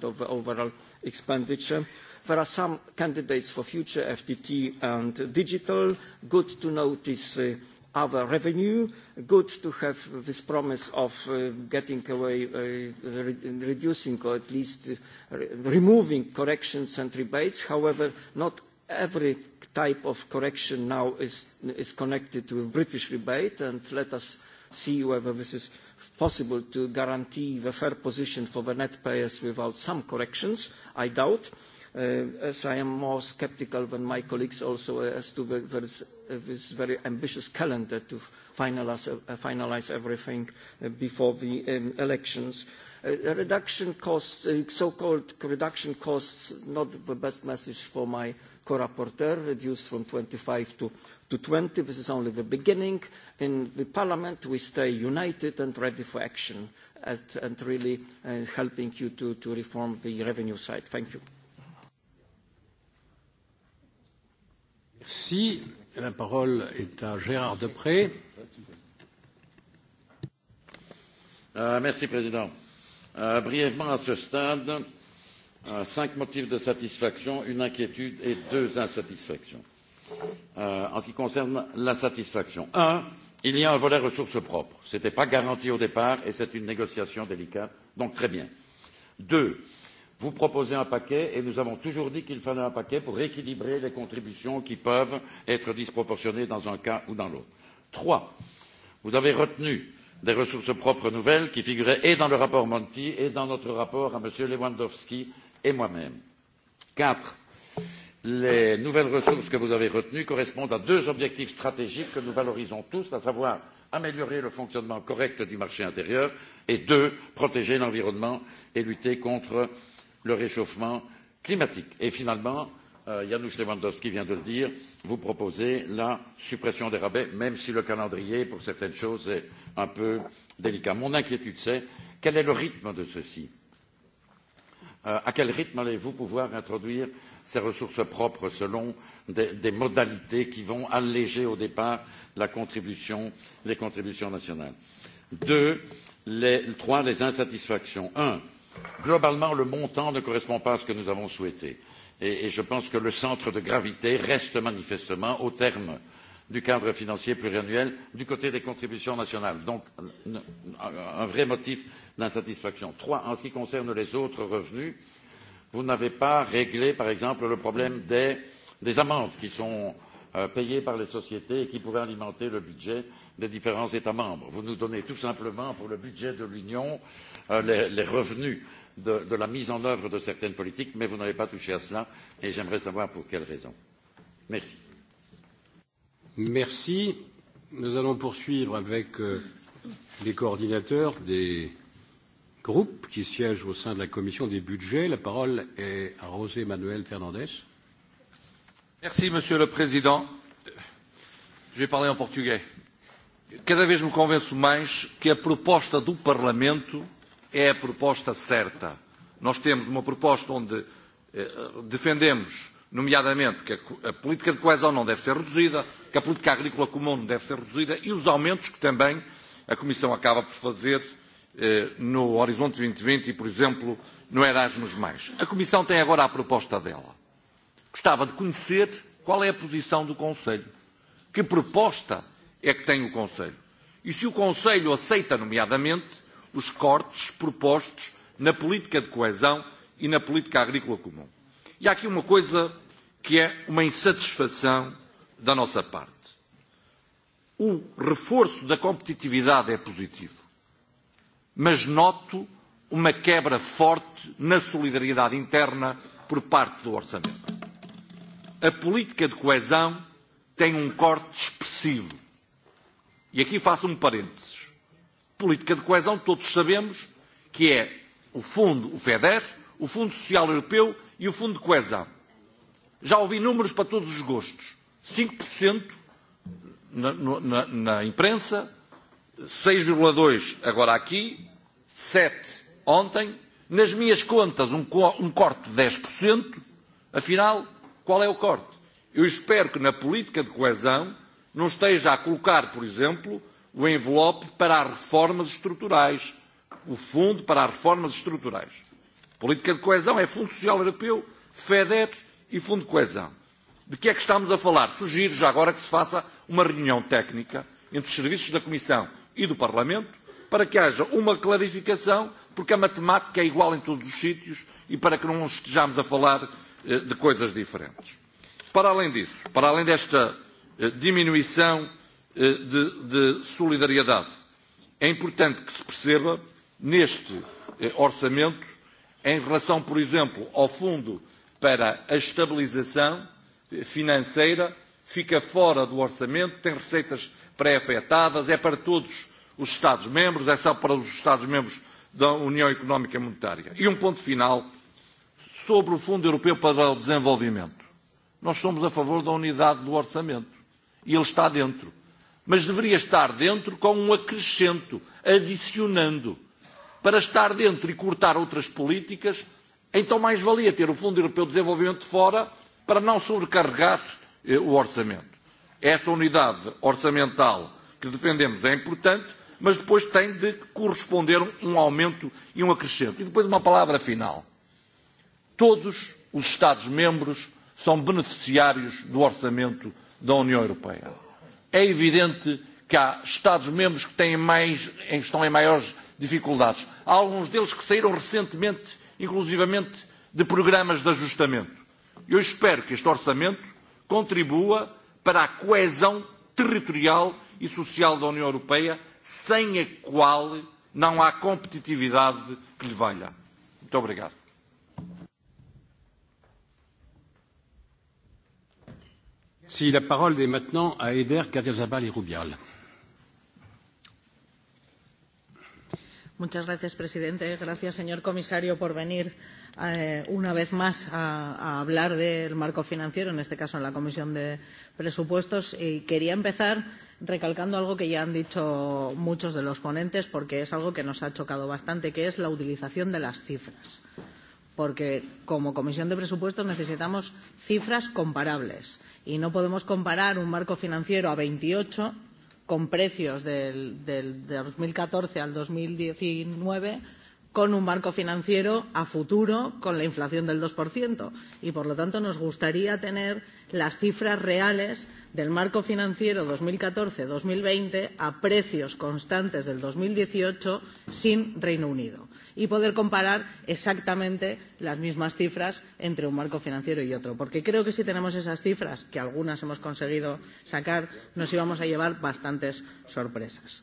2 of the overall expenditure. There are some candidates for future FTT and digital. Good to notice uh, other revenue. Good to have this promise of uh, getting away, uh, re reducing or at least uh, re removing corrections and rebates. However, not every type of correction now is, is connected with British rebate, and let us see whether this is possible to guarantee the fair position for the net payers without some corrections. I doubt, uh, as I am more sceptical than my colleagues also as to the, this, this very ambitious calendar to finalize, uh, finalize everything uh, before the um, elections. Uh, reduction costs, uh, so-called reduction costs, not the best message for my co-rapporteur, reduced from 25 to, to 20. This is only the beginning. In the Parliament, we stay united and ready for action at, and really uh, helping you to, to reform the revenue side. Thank you. Merci. La parole est à Gérard Deprez. Euh, merci, Président. Euh, brièvement, à ce stade, Euh, cinq motifs de satisfaction, une inquiétude et deux insatisfactions. Euh, en ce qui concerne la satisfaction, premièrement il y a un volet ressources propres. Ce n'était pas garanti au départ et c'est une négociation délicate, donc très bien. deuxièmement vous proposez un paquet et nous avons toujours dit qu'il fallait un paquet pour rééquilibrer les contributions qui peuvent être disproportionnées dans un cas ou dans l'autre. troisièmement vous avez retenu des ressources propres nouvelles qui figuraient et dans le rapport Monti et dans notre rapport à M. Lewandowski et moi même. quatre les nouvelles ressources que vous avez retenues correspondent à deux objectifs stratégiques que nous valorisons tous à savoir améliorer le fonctionnement correct du marché intérieur et deuxièmement protéger l'environnement et lutter contre le réchauffement climatique. et finalement euh, janusz lewandowski vient de le dire vous proposez la suppression des rabais même si le calendrier pour certaines choses est un peu délicat. mon inquiétude c'est quel est le rythme de ceci? Euh, à quel rythme allez-vous pouvoir introduire ces ressources propres selon des, des modalités qui vont alléger au départ la contribution, les contributions nationales Deux, les, trois, les insatisfactions. Un, globalement, le montant ne correspond pas à ce que nous avons souhaité. Et, et je pense que le centre de gravité reste manifestement au terme euh, du cadre financier pluriannuel du côté des contributions nationales. donc un vrai motif d'insatisfaction. troisièmement en ce qui concerne les autres revenus vous n'avez pas réglé par exemple le problème des, amendes qui sont euh, payées par les sociétés et qui pourraient alimenter le budget des différents états membres. vous nous donnez tout simplement pour le budget de l'union euh, les, revenus de, la mise en œuvre de certaines politiques mais vous n'avez pas touché à cela et j'aimerais savoir pour quelle raison. merci. Merci. Nous allons poursuivre avec euh, les coordinateurs des groupes qui siègent au sein de la commission des budgets. La parole est à José Manuel Fernandez. Merci, Monsieur le Président. Je vais parler en portugais. Cada vez me convenço mais que a proposta do Parlamento é a proposta certa. Nós temos uma proposta onde eh, defendemos nomeadamente que a política de coesão não deve ser reduzida, que a política agrícola comum não deve ser reduzida e os aumentos que também a Comissão acaba por fazer eh, no Horizonte 2020 e, e, por exemplo, no Erasmus+. A Comissão tem agora a proposta dela. Gostava de conhecer qual é a posição do Conselho. Que proposta é que tem o Conselho? E se o Conselho aceita, nomeadamente, os cortes propostos na política de coesão e na política agrícola comum. E há aqui uma coisa que é uma insatisfação da nossa parte. O reforço da competitividade é positivo, mas noto uma quebra forte na solidariedade interna por parte do orçamento. A política de coesão tem um corte expressivo. E aqui faço um parênteses. Política de coesão, todos sabemos que é o fundo, o FEDER, o Fundo Social Europeu e o Fundo de Coesão já ouvi números para todos os gostos. 5% na, no, na, na imprensa, 6,2% agora aqui, 7% ontem. Nas minhas contas, um, um corte de 10%. Afinal, qual é o corte? Eu espero que na política de coesão não esteja a colocar, por exemplo, o envelope para as reformas estruturais, o fundo para as reformas estruturais. Política de coesão é Fundo Social Europeu, FEDER, e fundo de coesão. De que é que estamos a falar? Sugiro já agora que se faça uma reunião técnica entre os serviços da Comissão e do Parlamento para que haja uma clarificação, porque a matemática é igual em todos os sítios e para que não estejamos a falar eh, de coisas diferentes. Para além disso, para além desta eh, diminuição eh, de, de solidariedade, é importante que se perceba neste orçamento, em relação, por exemplo, ao Fundo para a estabilização financeira, fica fora do orçamento, tem receitas pré-afetadas, é para todos os Estados-membros, é só para os Estados-membros da União Económica e Monetária. E um ponto final sobre o Fundo Europeu para o Desenvolvimento. Nós somos a favor da unidade do orçamento e ele está dentro. Mas deveria estar dentro com um acrescento, adicionando. Para estar dentro e cortar outras políticas, então mais valia ter o Fundo Europeu de Desenvolvimento de fora para não sobrecarregar eh, o orçamento. Esta unidade orçamental que defendemos é importante, mas depois tem de corresponder um aumento e um acrescento. E depois uma palavra final. Todos os Estados-membros são beneficiários do orçamento da União Europeia. É evidente que há Estados-membros que têm mais, estão em maiores dificuldades. Há alguns deles que saíram recentemente inclusivamente de programas de ajustamento. Eu espero que este orçamento contribua para a coesão territorial e social da União Europeia, sem a qual não há competitividade que lhe valha. Muito obrigado. Si la parole est maintenant à Eder Kadiazabal et Rubial. Muchas gracias, presidente. Gracias, señor comisario, por venir eh, una vez más a, a hablar del marco financiero, en este caso en la Comisión de Presupuestos. Y quería empezar recalcando algo que ya han dicho muchos de los ponentes, porque es algo que nos ha chocado bastante, que es la utilización de las cifras. Porque como Comisión de Presupuestos necesitamos cifras comparables y no podemos comparar un marco financiero a 28 con precios del, del 2014 al 2019 con un marco financiero a futuro con la inflación del 2%. Y, por lo tanto, nos gustaría tener las cifras reales del marco financiero 2014-2020 a precios constantes del 2018 sin Reino Unido y poder comparar exactamente las mismas cifras entre un marco financiero y otro. Porque creo que si tenemos esas cifras, que algunas hemos conseguido sacar, nos íbamos a llevar bastantes sorpresas.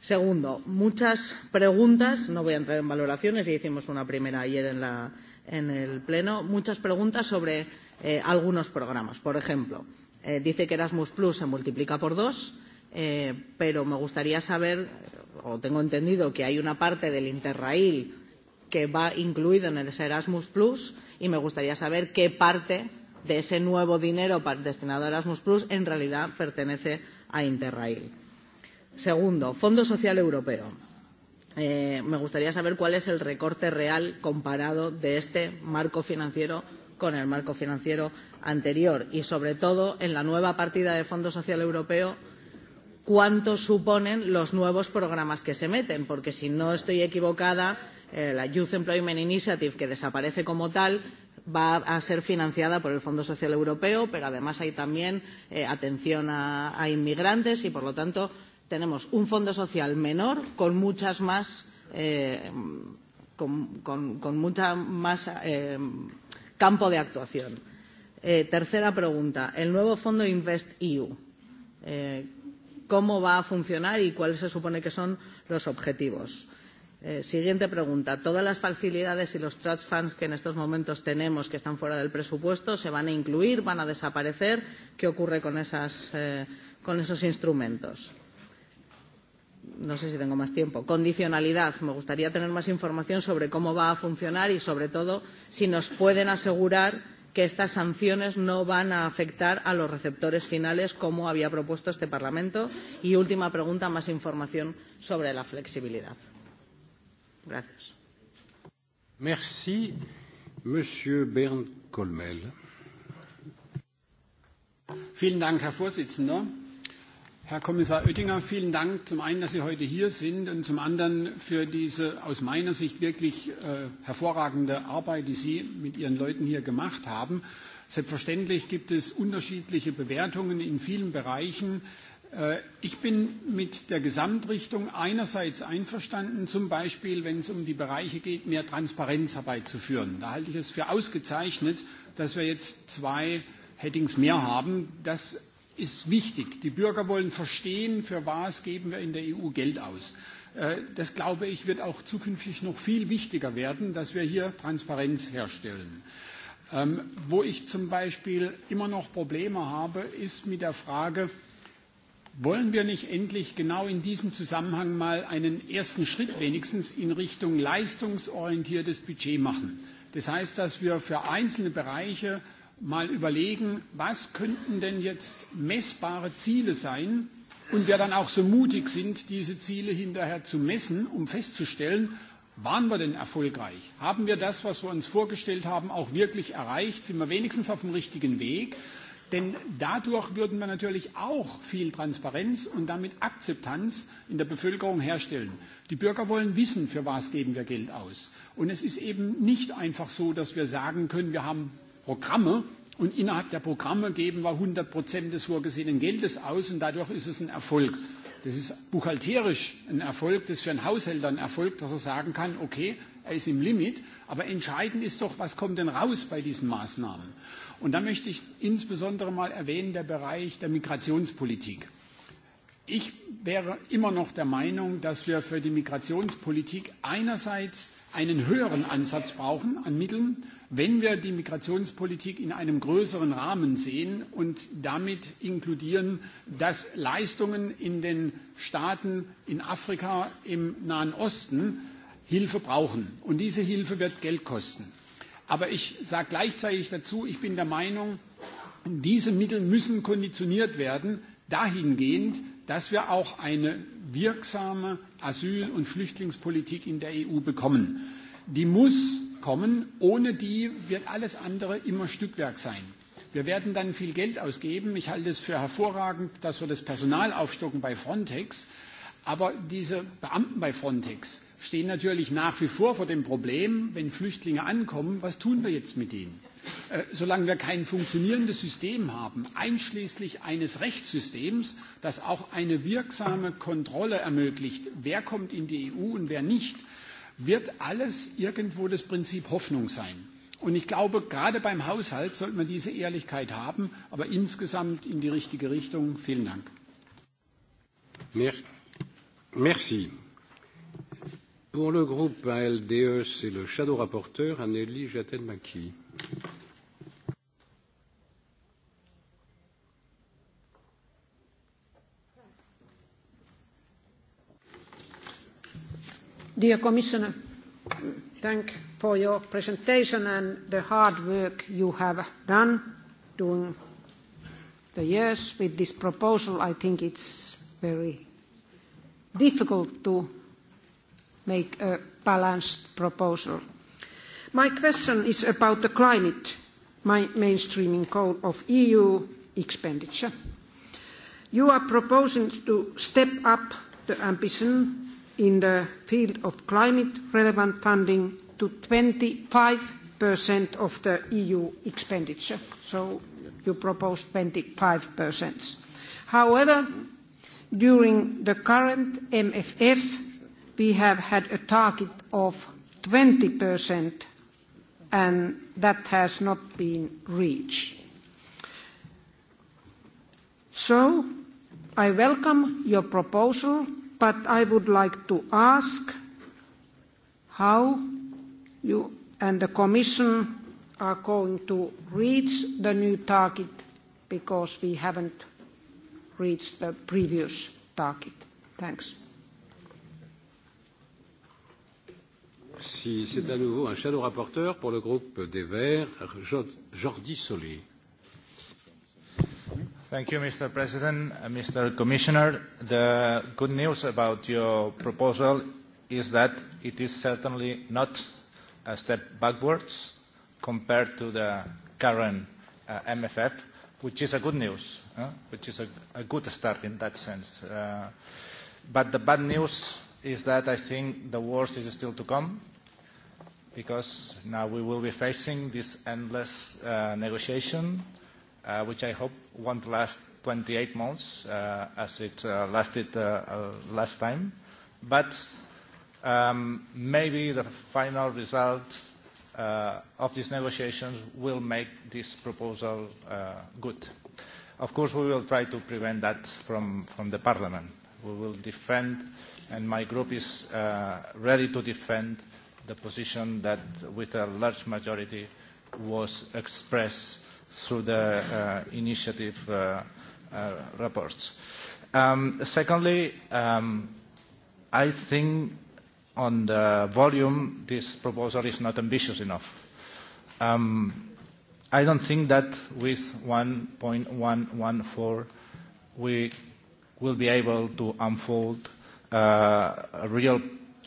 Segundo, muchas preguntas, no voy a entrar en valoraciones, ya hicimos una primera ayer en, la, en el Pleno, muchas preguntas sobre eh, algunos programas. Por ejemplo, eh, dice que Erasmus Plus se multiplica por dos, Eh, Eh, pero me gustaría saber, o tengo entendido que hay una parte del Interrail que va incluido en ese Erasmus Plus y me gustaría saber qué parte de ese nuevo dinero destinado a Erasmus Plus en realidad pertenece a Interrail. Segundo, Fondo Social Europeo. Eh, me gustaría saber cuál es el recorte real comparado de este marco financiero con el marco financiero anterior y, sobre todo, en la nueva partida de Fondo Social Europeo, cuánto suponen los nuevos programas que se meten, porque si no estoy equivocada, eh, la Youth Employment Initiative, que desaparece como tal, va a ser financiada por el Fondo Social Europeo, pero además hay también eh, atención a, a inmigrantes y, por lo tanto, tenemos un fondo social menor con muchas más, eh, con, con, con mucha más eh, campo de actuación. Eh, tercera pregunta, el nuevo fondo Invest EU. Eh, cómo va a funcionar y cuáles se supone que son los objetivos. Eh, siguiente pregunta. ¿Todas las facilidades y los trust funds que en estos momentos tenemos que están fuera del presupuesto se van a incluir? ¿Van a desaparecer? ¿Qué ocurre con, esas, eh, con esos instrumentos? no sé si tengo más tiempo. Condicionalidad. Me gustaría tener más información sobre cómo va a funcionar y, sobre todo, si nos pueden asegurar que estas sanciones no van a afectar a los receptores finales, como había propuesto este Parlamento. Y última pregunta, más información sobre la flexibilidad. Gracias. Merci, Monsieur Bernd Colmel. Vielen Dank, Herr Vorsitzender. Herr Kommissar Oettinger, vielen Dank zum einen, dass Sie heute hier sind und zum anderen für diese aus meiner Sicht wirklich äh, hervorragende Arbeit, die Sie mit Ihren Leuten hier gemacht haben. Selbstverständlich gibt es unterschiedliche Bewertungen in vielen Bereichen. Äh, ich bin mit der Gesamtrichtung einerseits einverstanden, zum Beispiel wenn es um die Bereiche geht, mehr Transparenz herbeizuführen. Da halte ich es für ausgezeichnet, dass wir jetzt zwei Headings mehr haben. Das ist wichtig. Die Bürger wollen verstehen, für was geben wir in der EU Geld aus. Äh, das, glaube ich, wird auch zukünftig noch viel wichtiger werden, dass wir hier Transparenz herstellen. Ähm, wo ich zum Beispiel immer noch Probleme habe, ist mit der Frage, wollen wir nicht endlich genau in diesem Zusammenhang mal einen ersten Schritt wenigstens in Richtung leistungsorientiertes Budget machen? Das heißt, dass wir für einzelne Bereiche mal überlegen, was könnten denn jetzt messbare Ziele sein und wir dann auch so mutig sind, diese Ziele hinterher zu messen, um festzustellen, waren wir denn erfolgreich? Haben wir das, was wir uns vorgestellt haben, auch wirklich erreicht? Sind wir wenigstens auf dem richtigen Weg? Denn dadurch würden wir natürlich auch viel Transparenz und damit Akzeptanz in der Bevölkerung herstellen. Die Bürger wollen wissen, für was geben wir Geld aus. Und es ist eben nicht einfach so, dass wir sagen können, wir haben Programme. Und innerhalb der Programme geben wir 100 Prozent des vorgesehenen Geldes aus und dadurch ist es ein Erfolg. Das ist buchhalterisch ein Erfolg, das ist für einen Haushälter ein Erfolg, dass er sagen kann, okay, er ist im Limit, aber entscheidend ist doch, was kommt denn raus bei diesen Maßnahmen? Und da möchte ich insbesondere mal erwähnen, der Bereich der Migrationspolitik. Ich wäre immer noch der Meinung, dass wir für die Migrationspolitik einerseits einen höheren Ansatz brauchen an Mitteln wenn wir die Migrationspolitik in einem größeren Rahmen sehen und damit inkludieren, dass Leistungen in den Staaten in Afrika, im Nahen Osten Hilfe brauchen. Und diese Hilfe wird Geld kosten. Aber ich sage gleichzeitig dazu, ich bin der Meinung, diese Mittel müssen konditioniert werden, dahingehend, dass wir auch eine wirksame Asyl- und Flüchtlingspolitik in der EU bekommen. Die muss kommen. Ohne die wird alles andere immer Stückwerk sein. Wir werden dann viel Geld ausgeben. Ich halte es für hervorragend, dass wir das Personal aufstocken bei Frontex. Aber diese Beamten bei Frontex stehen natürlich nach wie vor vor dem Problem, wenn Flüchtlinge ankommen, was tun wir jetzt mit ihnen? Äh, solange wir kein funktionierendes System haben, einschließlich eines Rechtssystems, das auch eine wirksame Kontrolle ermöglicht, wer kommt in die EU und wer nicht, wird alles irgendwo das Prinzip Hoffnung sein. Und ich glaube, gerade beim Haushalt sollte man diese Ehrlichkeit haben, aber insgesamt in die richtige Richtung. Vielen Dank. Merci. Pour le groupe ALDE, c'est le shadow rapporteur Anneli jatten Dear Commissioner, thank for your presentation and the hard work you have done during the years with this proposal. I think it's very difficult to make a balanced proposal. My question is about the climate mainstreaming goal of EU expenditure. You are proposing to step up the ambition in the field of climate-relevant funding to 25% of the EU expenditure. So you propose 25%. However, during the current MFF, we have had a target of 20%, and that has not been reached. So I welcome your proposal but I would like to ask how you and the Commission are going to reach the new target because we haven't reached the previous target. Thanks. Si c'est à nouveau un shadow rapporteur pour le groupe des Verts, Jordi Solé. Thank you, Mr. President, uh, Mr. Commissioner. The good news about your proposal is that it is certainly not a step backwards compared to the current uh, MFF, which is a good news, uh, which is a, a good start in that sense. Uh, but the bad news is that I think the worst is still to come because now we will be facing this endless uh, negotiation uh, Uh, which I hope won't last 28 months uh, as it uh, lasted last time. But um, maybe the final result of these negotiations will make this proposal good. Of course, we will try to prevent that from, from the Parliament. We will defend, and my group is ready to defend the position that, with a large majority, was expressed through the uh, initiative uh, uh, reports. Um, secondly, um, I think on the volume, this proposal is not ambitious enough. Um, I don't think that with 1.114 we will be able to unfold uh, a real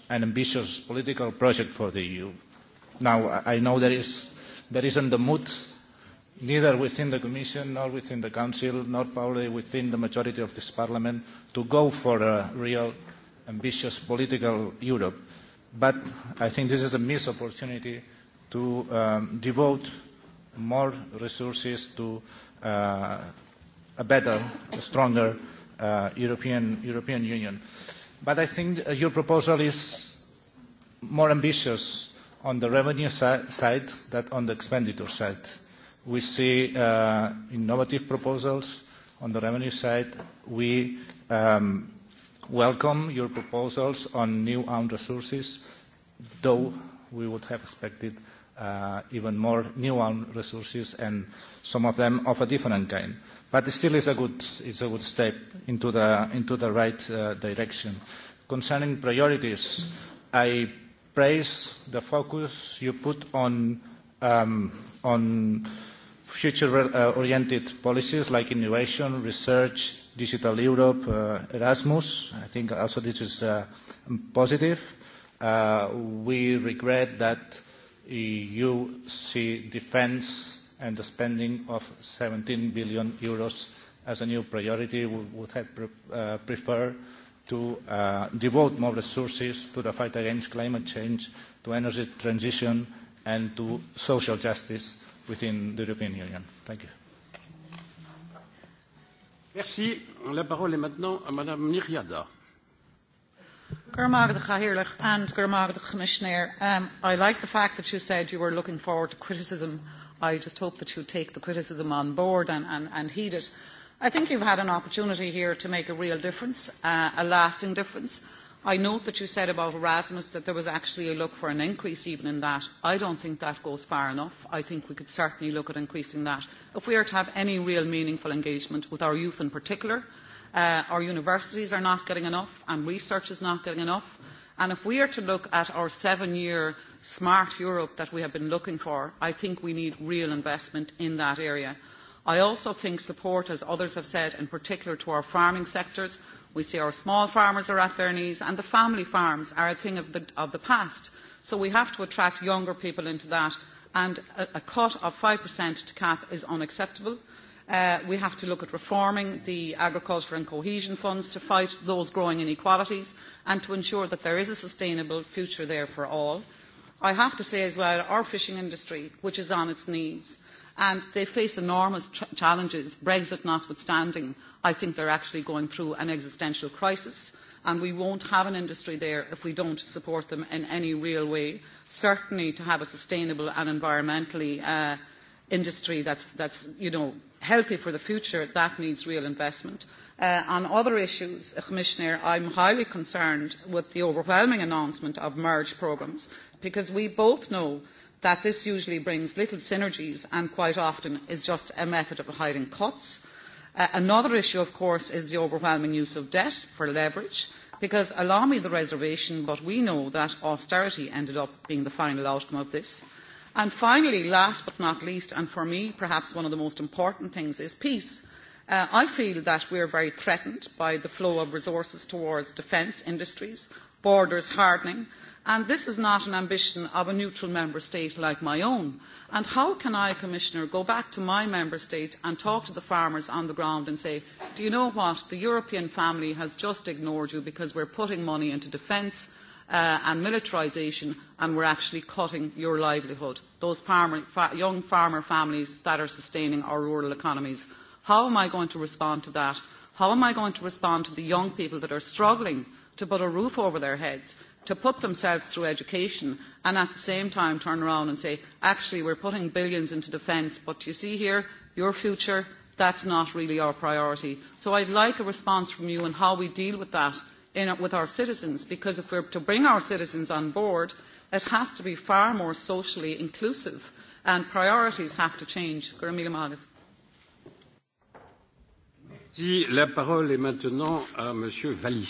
and ambitious political project for the EU. Now, I know there, is, there isn't the mood neither within the Commission nor within the Council, nor probably within the majority of this Parliament, to go for a real ambitious political Europe. But I think this is a missed opportunity to um, devote more resources to uh, a better, a stronger uh, European, European Union. But I think your proposal is more ambitious on the revenue side than on the expenditure side. We see uh, innovative proposals on the revenue side. We um, welcome your proposals on new own resources, though we would have expected uh, even more new own resources and some of them of a different kind. But it still is a good, it's a good step into the, into the right uh, direction. Concerning priorities, I praise the focus you put on um, on future-oriented policies like innovation, research, digital Europe, uh, Erasmus. I think also this is uh, positive. Uh, we regret that you e see defense and the spending of 17 billion euros as a new priority. We would have pre uh, preferred to uh, devote more resources to the fight against climate change, to energy transition, and to social justice within the European Union. Thank you. Merci. La parole est maintenant à Madame Niriada. and Gurmagdach, Commissioner. Um, I like the fact that you said you were looking forward to criticism. I just hope that you take the criticism on board and, and, and heed it. I think you've had an opportunity here to make a real difference, uh, a lasting difference. I note that you said about Erasmus that there was actually a look for an increase even in that. I don't think that goes far enough. I think we could certainly look at increasing that. If we are to have any real meaningful engagement with our youth in particular, uh, our universities are not getting enough and research is not getting enough. And if we are to look at our seven-year smart Europe that we have been looking for, I think we need real investment in that area. I also think support, as others have said, in particular to our farming sectors, We see our small farmers are at their knees and the family farms are a thing of the, of the past. So we have to attract younger people into that and a, a cut of 5% to cap is unacceptable. Uh, we have to look at reforming the agriculture and cohesion funds to fight those growing inequalities and to ensure that there is a sustainable future there for all. I have to say as well, our fishing industry, which is on its knees, and they face enormous ch challenges, Brexit notwithstanding, i think they're actually going through an existential crisis and we won't have an industry there if we don't support them in any real way. Certainly to have a sustainable and environmentally uh, industry that's, that's you know, healthy for the future, that needs real investment. Uh, on other issues, uh, Commissioner, I'm highly concerned with the overwhelming announcement of merge programmes because we both know that this usually brings little synergies and quite often is just a method of hiding cuts. Uh, another issue, of course, is the overwhelming use of debt for leverage, because allow me the reservation, but we know that austerity ended up being the final outcome of this. And finally, last but not least, and for me perhaps one of the most important things is peace. Uh, I feel that we are very threatened by the flow of resources towards defence industries, borders hardening, And this is not an ambition of a neutral member state like my own. And how can I, Commissioner, go back to my member state and talk to the farmers on the ground and say, do you know what, the European family has just ignored you because we're putting money into defence uh, and militarisation and we're actually cutting your livelihood, those farmer, fa- young farmer families that are sustaining our rural economies. How am I going to respond to that? How am I going to respond to the young people that are struggling to put a roof over their heads? to put themselves through education and at the same time turn around and say, actually, we're putting billions into defence, but you see here, your future, that's not really our priority. So I'd like a response from you on how we deal with that in, with our citizens, because if we're to bring our citizens on board, it has to be far more socially inclusive and priorities have to change. La parole est maintenant à Monsieur Valli.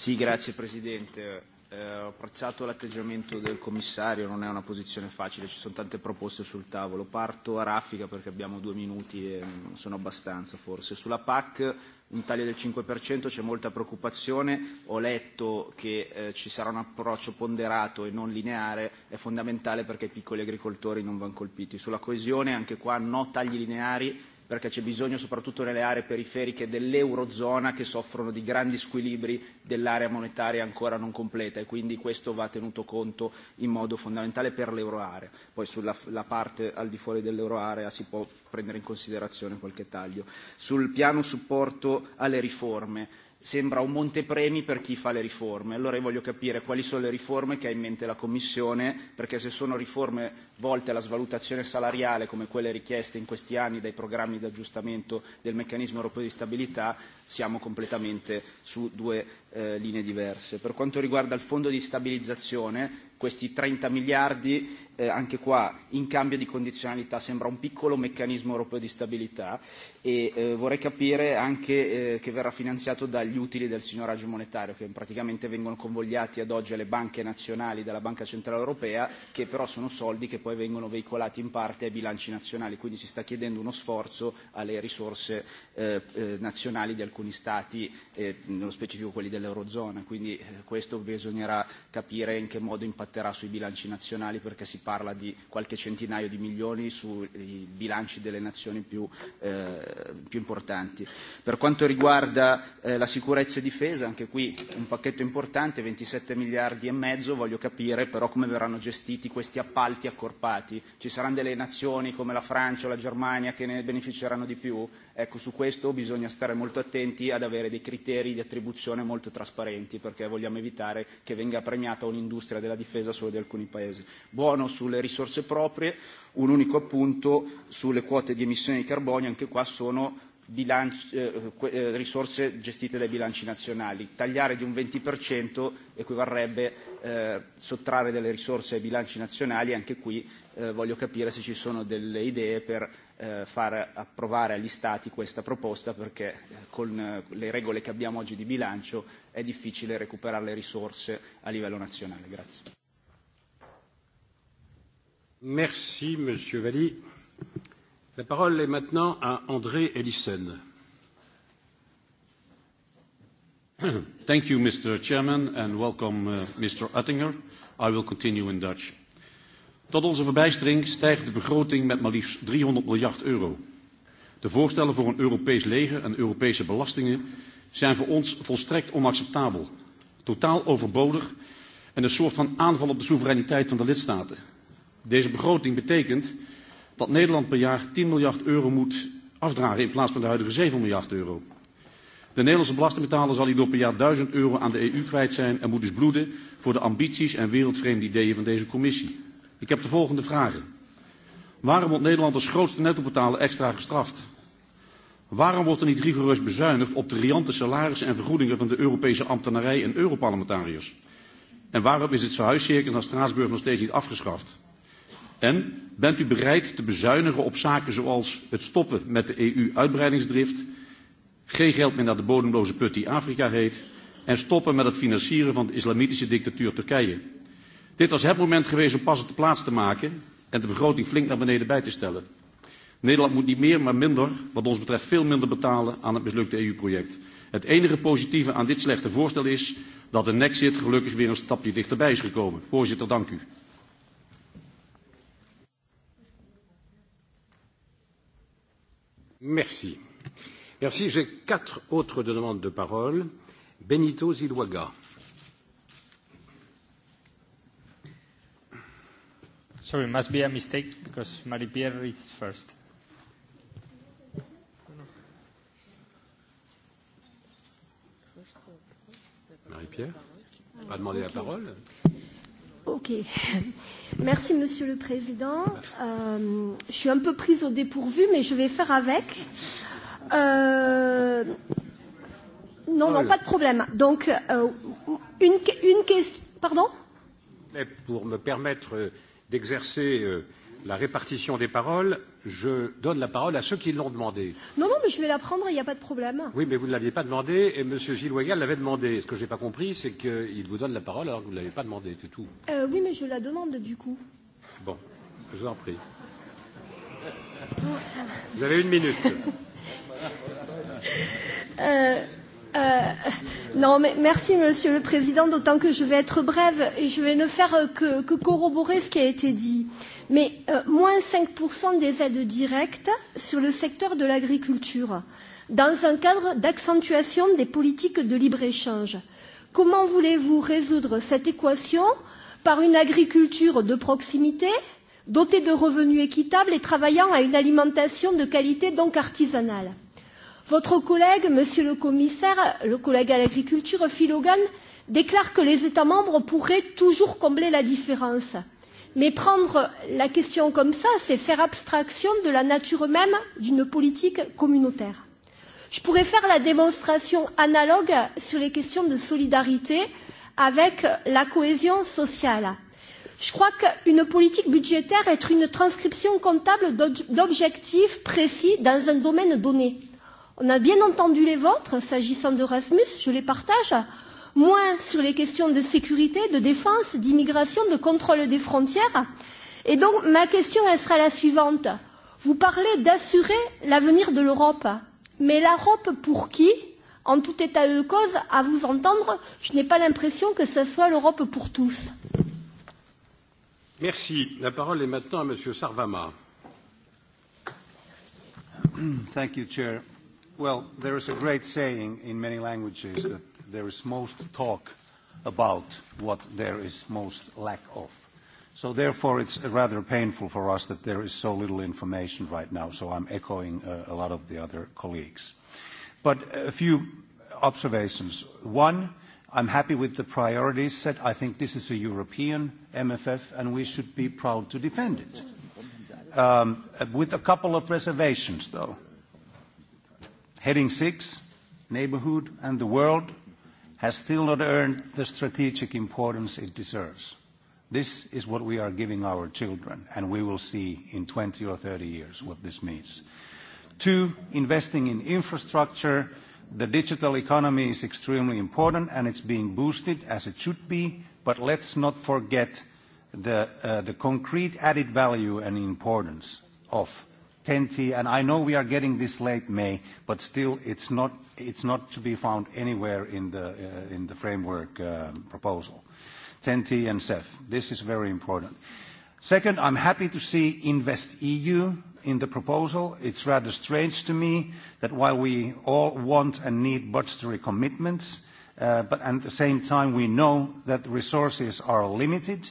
Sì, grazie Presidente. Eh, ho apprezzato l'atteggiamento del Commissario, non è una posizione facile, ci sono tante proposte sul tavolo. Parto a raffica perché abbiamo due minuti e non sono abbastanza forse. Sulla PAC un taglio del 5%, c'è molta preoccupazione, ho letto che eh, ci sarà un approccio ponderato e non lineare, è fondamentale perché i piccoli agricoltori non vanno colpiti. Sulla coesione anche qua no tagli lineari, perché c'è bisogno soprattutto nelle aree periferiche dell'Eurozona che soffrono di grandi squilibri dell'area monetaria ancora non completa e quindi questo va tenuto conto in modo fondamentale per l'euroarea. Poi sulla la parte al di fuori dell'euroarea si può prendere in considerazione qualche taglio. Sul piano supporto alle riforme sembra un montepremi per chi fa le riforme. Allora io voglio capire quali sono le riforme che ha in mente la Commissione, perché se sono riforme volte alla svalutazione salariale, come quelle richieste in questi anni dai programmi di aggiustamento del meccanismo europeo di stabilità, siamo completamente su due eh, linee diverse. Per quanto riguarda il fondo di stabilizzazione, questi 30 miliardi eh, anche qua in cambio di condizionalità sembra un piccolo meccanismo europeo di stabilità e eh, vorrei capire anche eh, che verrà finanziato dagli utili del signoraggio monetario che praticamente vengono convogliati ad oggi alle banche nazionali dalla Banca Centrale Europea che però sono soldi che poi vengono veicolati in parte ai bilanci nazionali, quindi si sta chiedendo uno sforzo alle risorse eh, eh, nazionali di alcuni stati, eh, nello specifico quelli dell'Eurozona, quindi eh, questo bisognerà capire in che modo impatterà sui bilanci nazionali perché si parla parla di qualche centinaio di milioni sui bilanci delle nazioni più, eh, più importanti. Per quanto riguarda eh, la sicurezza e difesa, anche qui un pacchetto importante, 27 miliardi e mezzo, voglio capire però come verranno gestiti questi appalti accorpati. Ci saranno delle nazioni come la Francia o la Germania che ne beneficeranno di più? Ecco, su questo bisogna stare molto attenti ad avere dei criteri di attribuzione molto trasparenti perché vogliamo evitare che venga premiata un'industria della difesa solo di alcuni paesi. Buono sulle risorse proprie, un unico appunto sulle quote di emissione di carbonio, anche qua sono bilanci, eh, eh, risorse gestite dai bilanci nazionali. Tagliare di un 20% equivarrebbe eh, sottrarre delle risorse ai bilanci nazionali, anche qui eh, voglio capire se ci sono delle idee per eh, far approvare agli Stati questa proposta perché eh, con eh, le regole che abbiamo oggi di bilancio è difficile recuperare le risorse a livello nazionale. Grazie. Merci, Monsieur Valli. La parole est maintenant à André Ellison. Thank you, Mr. Chairman, and welcome, uh, Mr. Oettinger. I will continue in Dutch. Tot onze verbijstering stijgt de begroting met maar liefst 300 miljard euro. De voorstellen voor een Europees leger en Europese belastingen zijn voor ons volstrekt onacceptabel, totaal overbodig en een soort van aanval op de soevereiniteit van de lidstaten. Deze begroting betekent dat Nederland per jaar 10 miljard euro moet afdragen in plaats van de huidige 7 miljard euro. De Nederlandse belastingbetaler zal hierdoor per jaar 1000 euro aan de EU kwijt zijn en moet dus bloeden voor de ambities en wereldvreemde ideeën van deze commissie. Ik heb de volgende vragen. Waarom wordt Nederland als grootste nettobetaler extra gestraft? Waarom wordt er niet rigoureus bezuinigd op de riante salarissen en vergoedingen van de Europese ambtenarij en Europarlementariërs? En waarom is het verhuiscircus naar Straatsburg nog steeds niet afgeschaft? En bent u bereid te bezuinigen op zaken zoals het stoppen met de EU-uitbreidingsdrift, geen geld meer naar de bodemloze put die Afrika heet en stoppen met het financieren van de islamitische dictatuur Turkije? Dit was het moment geweest om passen te plaats te maken en de begroting flink naar beneden bij te stellen. Nederland moet niet meer, maar minder, wat ons betreft veel minder betalen aan het mislukte EU-project. Het enige positieve aan dit slechte voorstel is dat de Nexit gelukkig weer een stapje dichterbij is gekomen. Voorzitter, dank u. Merci. Merci. J'ai quatre autres demandes de parole. Benito Ziluaga. Sorry, must be a mistake because Marie-Pierre is first. Marie-Pierre a demandé okay. la parole. Ok. Merci, Monsieur le Président. Euh, je suis un peu prise au dépourvu, mais je vais faire avec. Euh, non, non, pas de problème. Donc, euh, une, une question. Pardon Mais Pour me permettre euh, d'exercer euh, la répartition des paroles, je donne la parole à ceux qui l'ont demandé. Non, non, mais je vais la prendre, il n'y a pas de problème. Oui, mais vous ne l'aviez pas demandé et M. Gilloyal l'avait demandé. Ce que je n'ai pas compris, c'est qu'il vous donne la parole alors que vous ne l'avez pas demandé, c'est tout. Euh, oui, mais je la demande du coup. Bon, je vous en prie. Vous avez une minute. euh, Euh, non, mais merci Monsieur le Président, d'autant que je vais être brève et je vais ne faire euh, que, que corroborer ce qui a été dit. Mais euh, moins 5% des aides directes sur le secteur de l'agriculture, dans un cadre d'accentuation des politiques de libre-échange. Comment voulez-vous résoudre cette équation par une agriculture de proximité, dotée de revenus équitables et travaillant à une alimentation de qualité donc artisanale Votre collègue, monsieur le commissaire, le collègue à l'agriculture, Phil Hogan, déclare que les États membres pourraient toujours combler la différence. Mais prendre la question comme ça, c'est faire abstraction de la nature même d'une politique communautaire. Je pourrais faire la démonstration analogue sur les questions de solidarité avec la cohésion sociale. Je crois qu'une politique budgétaire est une transcription comptable d'objectifs précis dans un domaine donné. On a bien entendu les vôtres s'agissant d'Erasmus, je les partage, moins sur les questions de sécurité, de défense, d'immigration, de contrôle des frontières. Et donc, ma question elle sera la suivante. Vous parlez d'assurer l'avenir de l'Europe. Mais l'Europe pour qui En tout état de cause, à vous entendre, je n'ai pas l'impression que ce soit l'Europe pour tous. Merci. La parole est maintenant à Monsieur Sarvama. Thank you, Chair. Well, there is a great saying in many languages that there is most talk about what there is most lack of. So therefore, it's rather painful for us that there is so little information right now, so I'm echoing uh, a lot of the other colleagues. But a few observations. One, I'm happy with the priorities set. I think this is a European MFF, and we should be proud to defend it. Um, with a couple of reservations, though. Heading 6, neighborhood and the world, has still not earned the strategic importance it deserves. This is what we are giving our children, and we will see in 20 or 30 years what this means. Two, investing in infrastructure. The digital economy is extremely important, and it's being boosted as it should be, but let's not forget the, uh, the concrete added value and importance of ten t and I know we are getting this late May, but still it's not, it's not to be found anywhere in the, uh, in the framework uh, proposal. ten t and CEF. This is very important. Second, I'm happy to see InvestEU in the proposal. It's rather strange to me that while we all want and need budgetary commitments, uh, but at the same time, we know that resources are limited,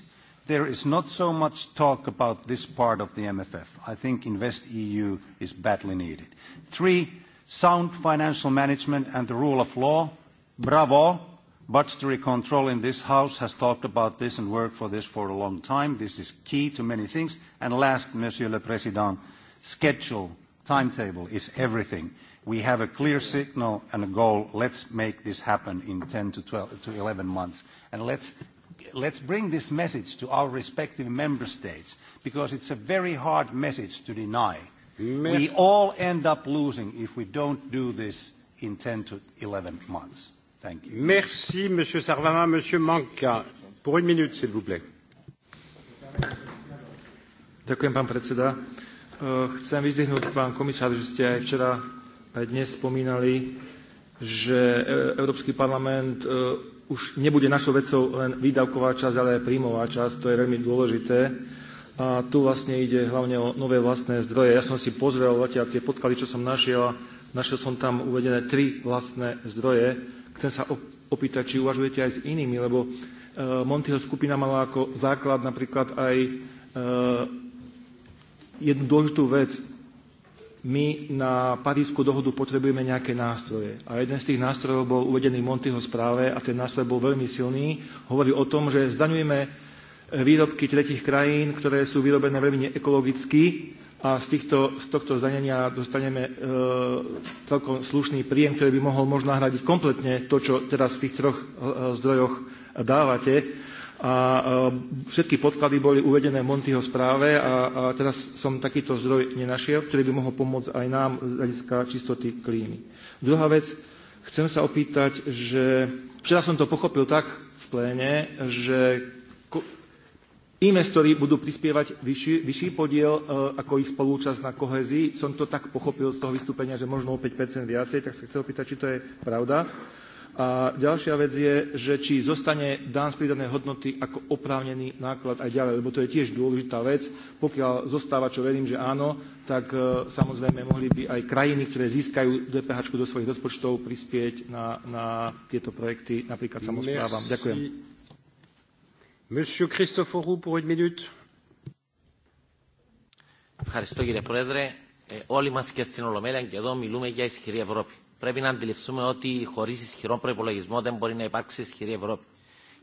there is not so much talk about this part of the MFF. I think InvestEU is badly needed. Three, sound financial management and the rule of law. Bravo! Budgetary control in this house has talked about this and worked for this for a long time. This is key to many things. And last, Monsieur le Président, schedule, timetable is everything. We have a clear signal and a goal. Let's make this happen in 10 to, 12, to 11 months, and let's let's bring this message to our respective member states because it's a very hard message to deny. Merci. We all end up losing if we don't do this in 10 to 11 months. Thank you. Merci, Monsieur Sarvama. Monsieur Manka, pour une minute, s'il vous plaît. Ďakujem, pán predseda. Eh, chcem vyzdvihnúť, pán komisár, že ste aj včera, aj dnes spomínali, že eh, Európsky parlament eh, už nebude našou vecou len výdavková časť, ale aj príjmová časť, to je veľmi dôležité. A tu vlastne ide hlavne o nové vlastné zdroje. Ja som si pozrel zatiaľ tie podklady, čo som našiel, a našiel som tam uvedené tri vlastné zdroje. Chcem sa opýtať, či uvažujete aj s inými, lebo e, Montyho skupina mala ako základ napríklad aj e, jednu dôležitú vec, my na parísku dohodu potrebujeme nejaké nástroje. A jeden z tých nástrojov bol uvedený v Montyho správe a ten nástroj bol veľmi silný. Hovorí o tom, že zdaňujeme eh, výrobky tretich krajín, ktoré sú vyrobené veľmi neekologicky a z, týchto, z tohto zdanenia dostaneme e, celkom slušný príjem, ktorý by mohol možno nahradiť kompletne to, čo teraz v tých troch e, eh, zdrojoch dávate. A e, všetky podklady boli uvedené v Montyho správe a, a teraz som takýto zdroj nenašiel, ktorý by mohol pomôcť aj nám z hľadiska čistoty klímy. Druhá vec, chcem sa opýtať, že včera som to pochopil tak v pléne, že investori budú prispievať vyšší, vyšší podiel e, ako ich spolúčasť na kohezii. Som to tak pochopil z toho vystúpenia, že možno o 5% viacej, tak sa chcel opýtať, či to je pravda. A ďalšia vec je, že či zostane dan z pridanej hodnoty ako oprávnený náklad aj ďalej, lebo to je tiež dôležitá vec. Pokiaľ zostáva, čo verím, že áno, tak e, samozrejme mohli by aj krajiny, ktoré získajú DPH do svojich rozpočtov, prispieť na, na tieto projekty, napríklad samozprávam. Ďakujem. Monsieur Christoforu, pour une minute. Ευχαριστώ κύριε Πρόεδρε. Ε, όλοι μας και στην Ολομέλεια και εδώ μιλούμε για ισχυρή Ευρώπη πρέπει να αντιληφθούμε ότι χωρί ισχυρό προπολογισμό δεν μπορεί να υπάρξει ισχυρή Ευρώπη.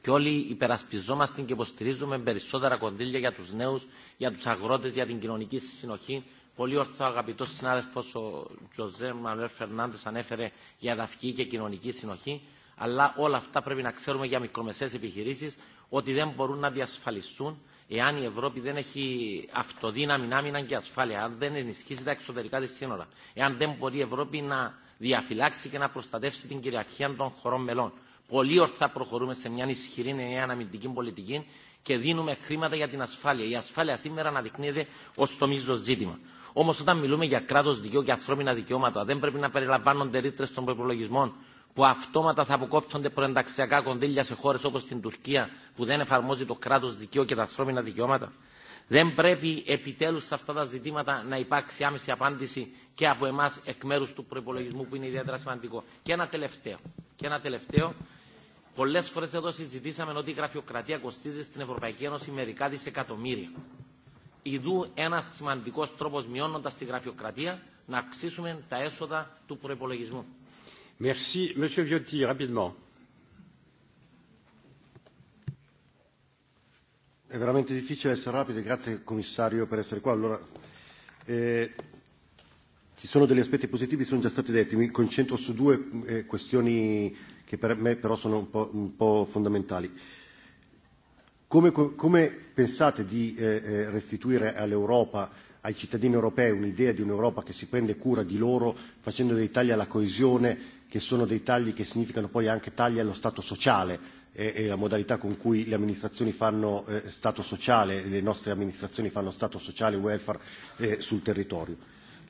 Και όλοι υπερασπιζόμαστε και υποστηρίζουμε περισσότερα κονδύλια για του νέου, για του αγρότε, για την κοινωνική συνοχή. Πολύ ορθά ο αγαπητό συνάδελφο ο Τζοζέ Μανουέλ Φερνάντε ανέφερε για εδαφική και κοινωνική συνοχή. Αλλά όλα αυτά πρέπει να ξέρουμε για μικρομεσαίε επιχειρήσει ότι δεν μπορούν να διασφαλιστούν εάν η Ευρώπη δεν έχει αυτοδύναμη, άμυνα και ασφάλεια, αν δεν ενισχύσει τα εξωτερικά τη σύνορα, εάν δεν μπορεί η Ευρώπη να διαφυλάξει και να προστατεύσει την κυριαρχία των χωρών μελών. Πολύ ορθά προχωρούμε σε μια ισχυρή νέα αναμυντική πολιτική και δίνουμε χρήματα για την ασφάλεια. Η ασφάλεια σήμερα αναδεικνύεται ω το μείζο ζήτημα. Όμω, όταν μιλούμε για κράτο δικαίου και ανθρώπινα δικαιώματα, δεν πρέπει να περιλαμβάνονται ρήτρε των προπολογισμών που αυτόματα θα αποκόπτονται προενταξιακά κονδύλια σε χώρε όπω την Τουρκία, που δεν εφαρμόζει το κράτο δικαίου και τα ανθρώπινα δικαιώματα. Δεν πρέπει επιτέλους σε αυτά τα ζητήματα να υπάρξει άμεση απάντηση και από εμάς εκ μέρους του προϋπολογισμού που είναι ιδιαίτερα σημαντικό. Και ένα τελευταίο. Και ένα τελευταίο. Πολλές φορές εδώ συζητήσαμε ότι η γραφειοκρατία κοστίζει στην Ευρωπαϊκή Ένωση μερικά δισεκατομμύρια. Ιδού ένα σημαντικό τρόπο μειώνοντα τη γραφειοκρατία να αυξήσουμε τα έσοδα του προπολογισμού. Merci, Monsieur Viotti, rapidement. È veramente difficile essere rapide, grazie commissario per essere qua. Allora, eh, ci sono degli aspetti positivi, sono già stati detti, mi concentro su due eh, questioni che per me però sono un po', un po fondamentali. Come, come pensate di eh, eh, restituire all'Europa, ai cittadini europei, un'idea di un'Europa che si prende cura di loro facendo dei tagli alla coesione, che sono dei tagli che significano poi anche tagli allo Stato sociale? e, e la modalità con cui le amministrazioni fanno eh, stato sociale, le nostre amministrazioni fanno stato sociale, e welfare eh, sul territorio.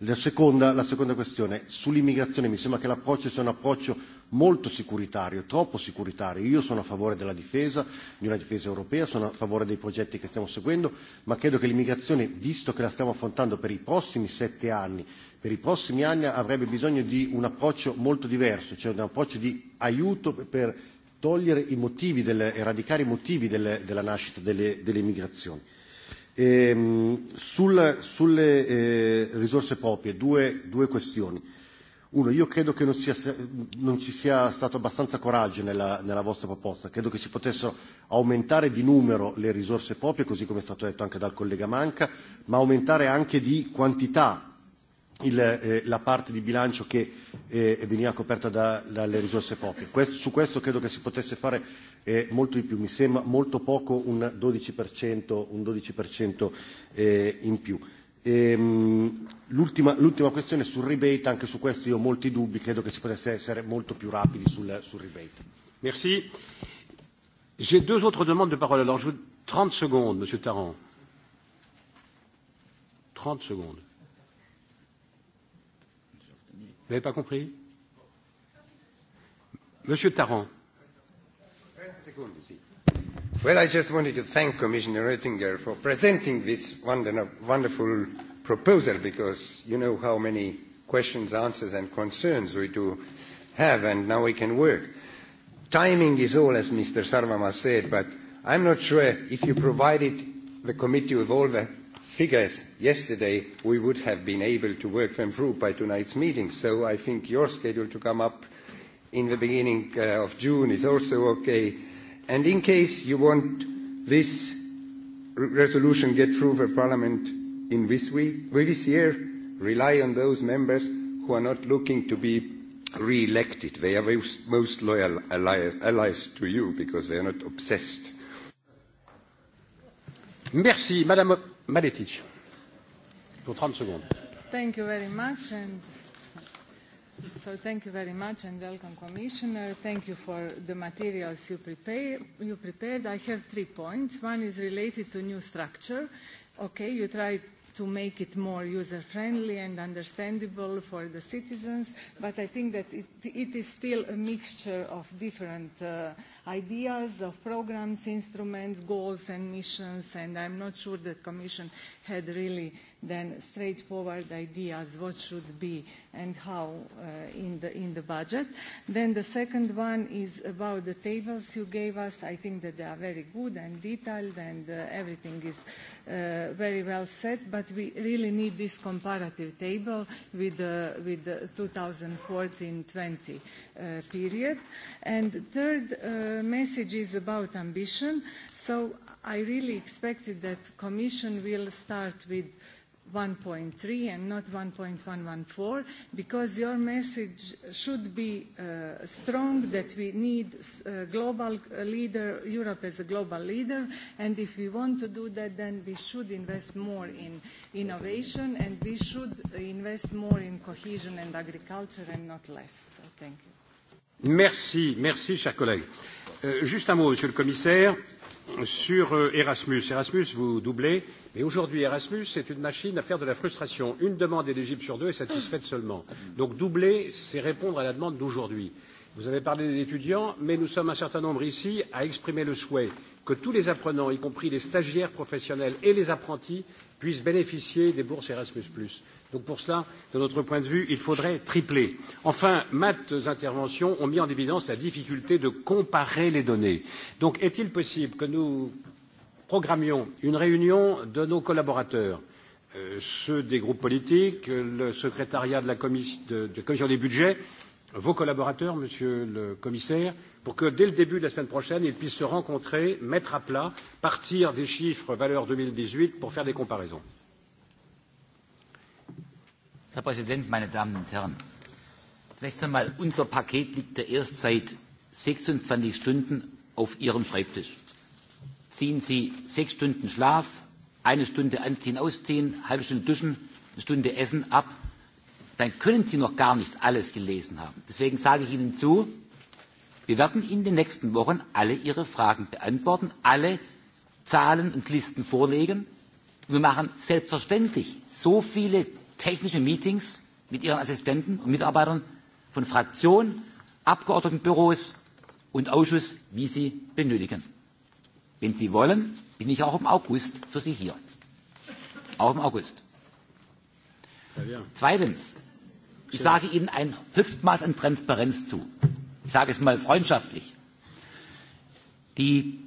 La seconda, la seconda questione, sull'immigrazione mi sembra che l'approccio sia un approccio molto sicuritario, troppo sicuritario. Io sono a favore della difesa, di una difesa europea, sono a favore dei progetti che stiamo seguendo, ma credo che l'immigrazione, visto che la stiamo affrontando per i prossimi sette anni, per i prossimi anni avrebbe bisogno di un approccio molto diverso, cioè un approccio di aiuto per togliere i motivi, del, eradicare i motivi delle, della nascita delle, delle migrazioni. E, ehm, sul, sulle eh, risorse proprie, due, due questioni. Uno, io credo che non, sia, non ci sia stato abbastanza coraggio nella, nella vostra proposta, credo che si potessero aumentare di numero le risorse proprie, così come è stato detto anche dal collega Manca, ma aumentare anche di quantità il, eh, la parte di bilancio che eh, veniva coperta da, dalle risorse proprie. Questo, su questo credo che si potesse fare eh, molto di più, mi sembra molto poco un 12%, un 12% eh, in più. Ehm, l'ultima, l'ultima questione sul rebate, anche su questo io ho molti dubbi, credo che si potesse essere molto più rapidi sul, sul rebate. Merci. J'ai deux autres demandes de parole. Alors, je vous... 30 secondes, Monsieur Tarrant. 30 secondes. Vous n'avez pas compris Monsieur Taran. Well, I just wanted to thank Commissioner Oettinger for presenting this wonderful proposal because you know how many questions, answers and concerns we do have and now we can work. Timing is all, as Mr. Sarvama said, but I'm not sure if you provided the committee with all the figures yesterday, we would have been able to work them through by tonight's meeting. So I think your schedule to come up in the beginning uh, of June is also okay. And in case you want this resolution get through the parliament in this week, this year, rely on those members who are not looking to be re-elected. They are the most loyal allies, allies to you because they are not obsessed. Merci, Madame Maletic, pour 30 secondes. Thank you very much. And so thank you very much and welcome, Commissioner. Thank you for the materials you, prepare, you prepared. I have three points. One is related to new structure. Okay, you tried to make it more user-friendly and understandable for the citizens, but I think that it, it is still a mixture of different uh, ideas of programs, instruments, goals and missions, and I'm not sure that Commission had really than straightforward ideas what should be and how uh, in, the, in the budget. Then the second one is about the tables you gave us. I think that they are very good and detailed and uh, everything is uh, very well set, but we really need this comparative table with the, with the 2014-20 uh, period. And third uh, message is about ambition. So I really expected that Commission will start with 1.3 and not 1.114 because your message should be uh, strong that we need a uh, global uh, leader, Europe as a global leader, and if we want to do that, then we should invest more in innovation and we should invest more in cohesion and agriculture and not less. So thank you. Merci, merci, chers collègues. Euh, juste un mot, Monsieur le Commissaire sur euh, Erasmus. Erasmus, vous doublez, mais aujourd'hui, Erasmus, c'est une machine à faire de la frustration. Une demande éligible sur deux est satisfaite seulement. Donc doubler, c'est répondre à la demande d'aujourd'hui. Vous avez parlé des étudiants, mais nous sommes un certain nombre ici à exprimer le souhait que tous les apprenants, y compris les stagiaires professionnels et les apprentis, puissent bénéficier des bourses Erasmus. Donc pour cela, de notre point de vue, il faudrait tripler. Enfin, maintes interventions ont mis en évidence la difficulté de comparer les données. Donc est-il possible que nous programmions une réunion de nos collaborateurs euh, ceux des groupes politiques, le secrétariat de la commission, de, de commission des budgets vos collaborateurs, monsieur le commissaire, pour que dès le début de la semaine prochaine, ils puissent se rencontrer, mettre à plat, partir des chiffres valeur 2018 pour faire des comparaisons. Herr Präsident, meine Damen und Herren! Zunächst einmal, unser Paket liegt ja erst seit 26 Stunden auf Ihrem Schreibtisch. Ziehen Sie sechs Stunden Schlaf, eine Stunde anziehen, ausziehen, eine halbe Stunde duschen, eine Stunde essen ab, dann können Sie noch gar nicht alles gelesen haben. Deswegen sage ich Ihnen zu, wir werden in den nächsten Wochen alle Ihre Fragen beantworten, alle Zahlen und Listen vorlegen. Wir machen selbstverständlich so viele technische Meetings mit Ihren Assistenten und Mitarbeitern von Fraktionen, Abgeordnetenbüros und Ausschuss, wie Sie benötigen. Wenn Sie wollen, bin ich auch im August für Sie hier. Auch im August. Zweitens, Ich sage Ihnen ein Höchstmaß an Transparenz zu. Ich sage es mal freundschaftlich. Die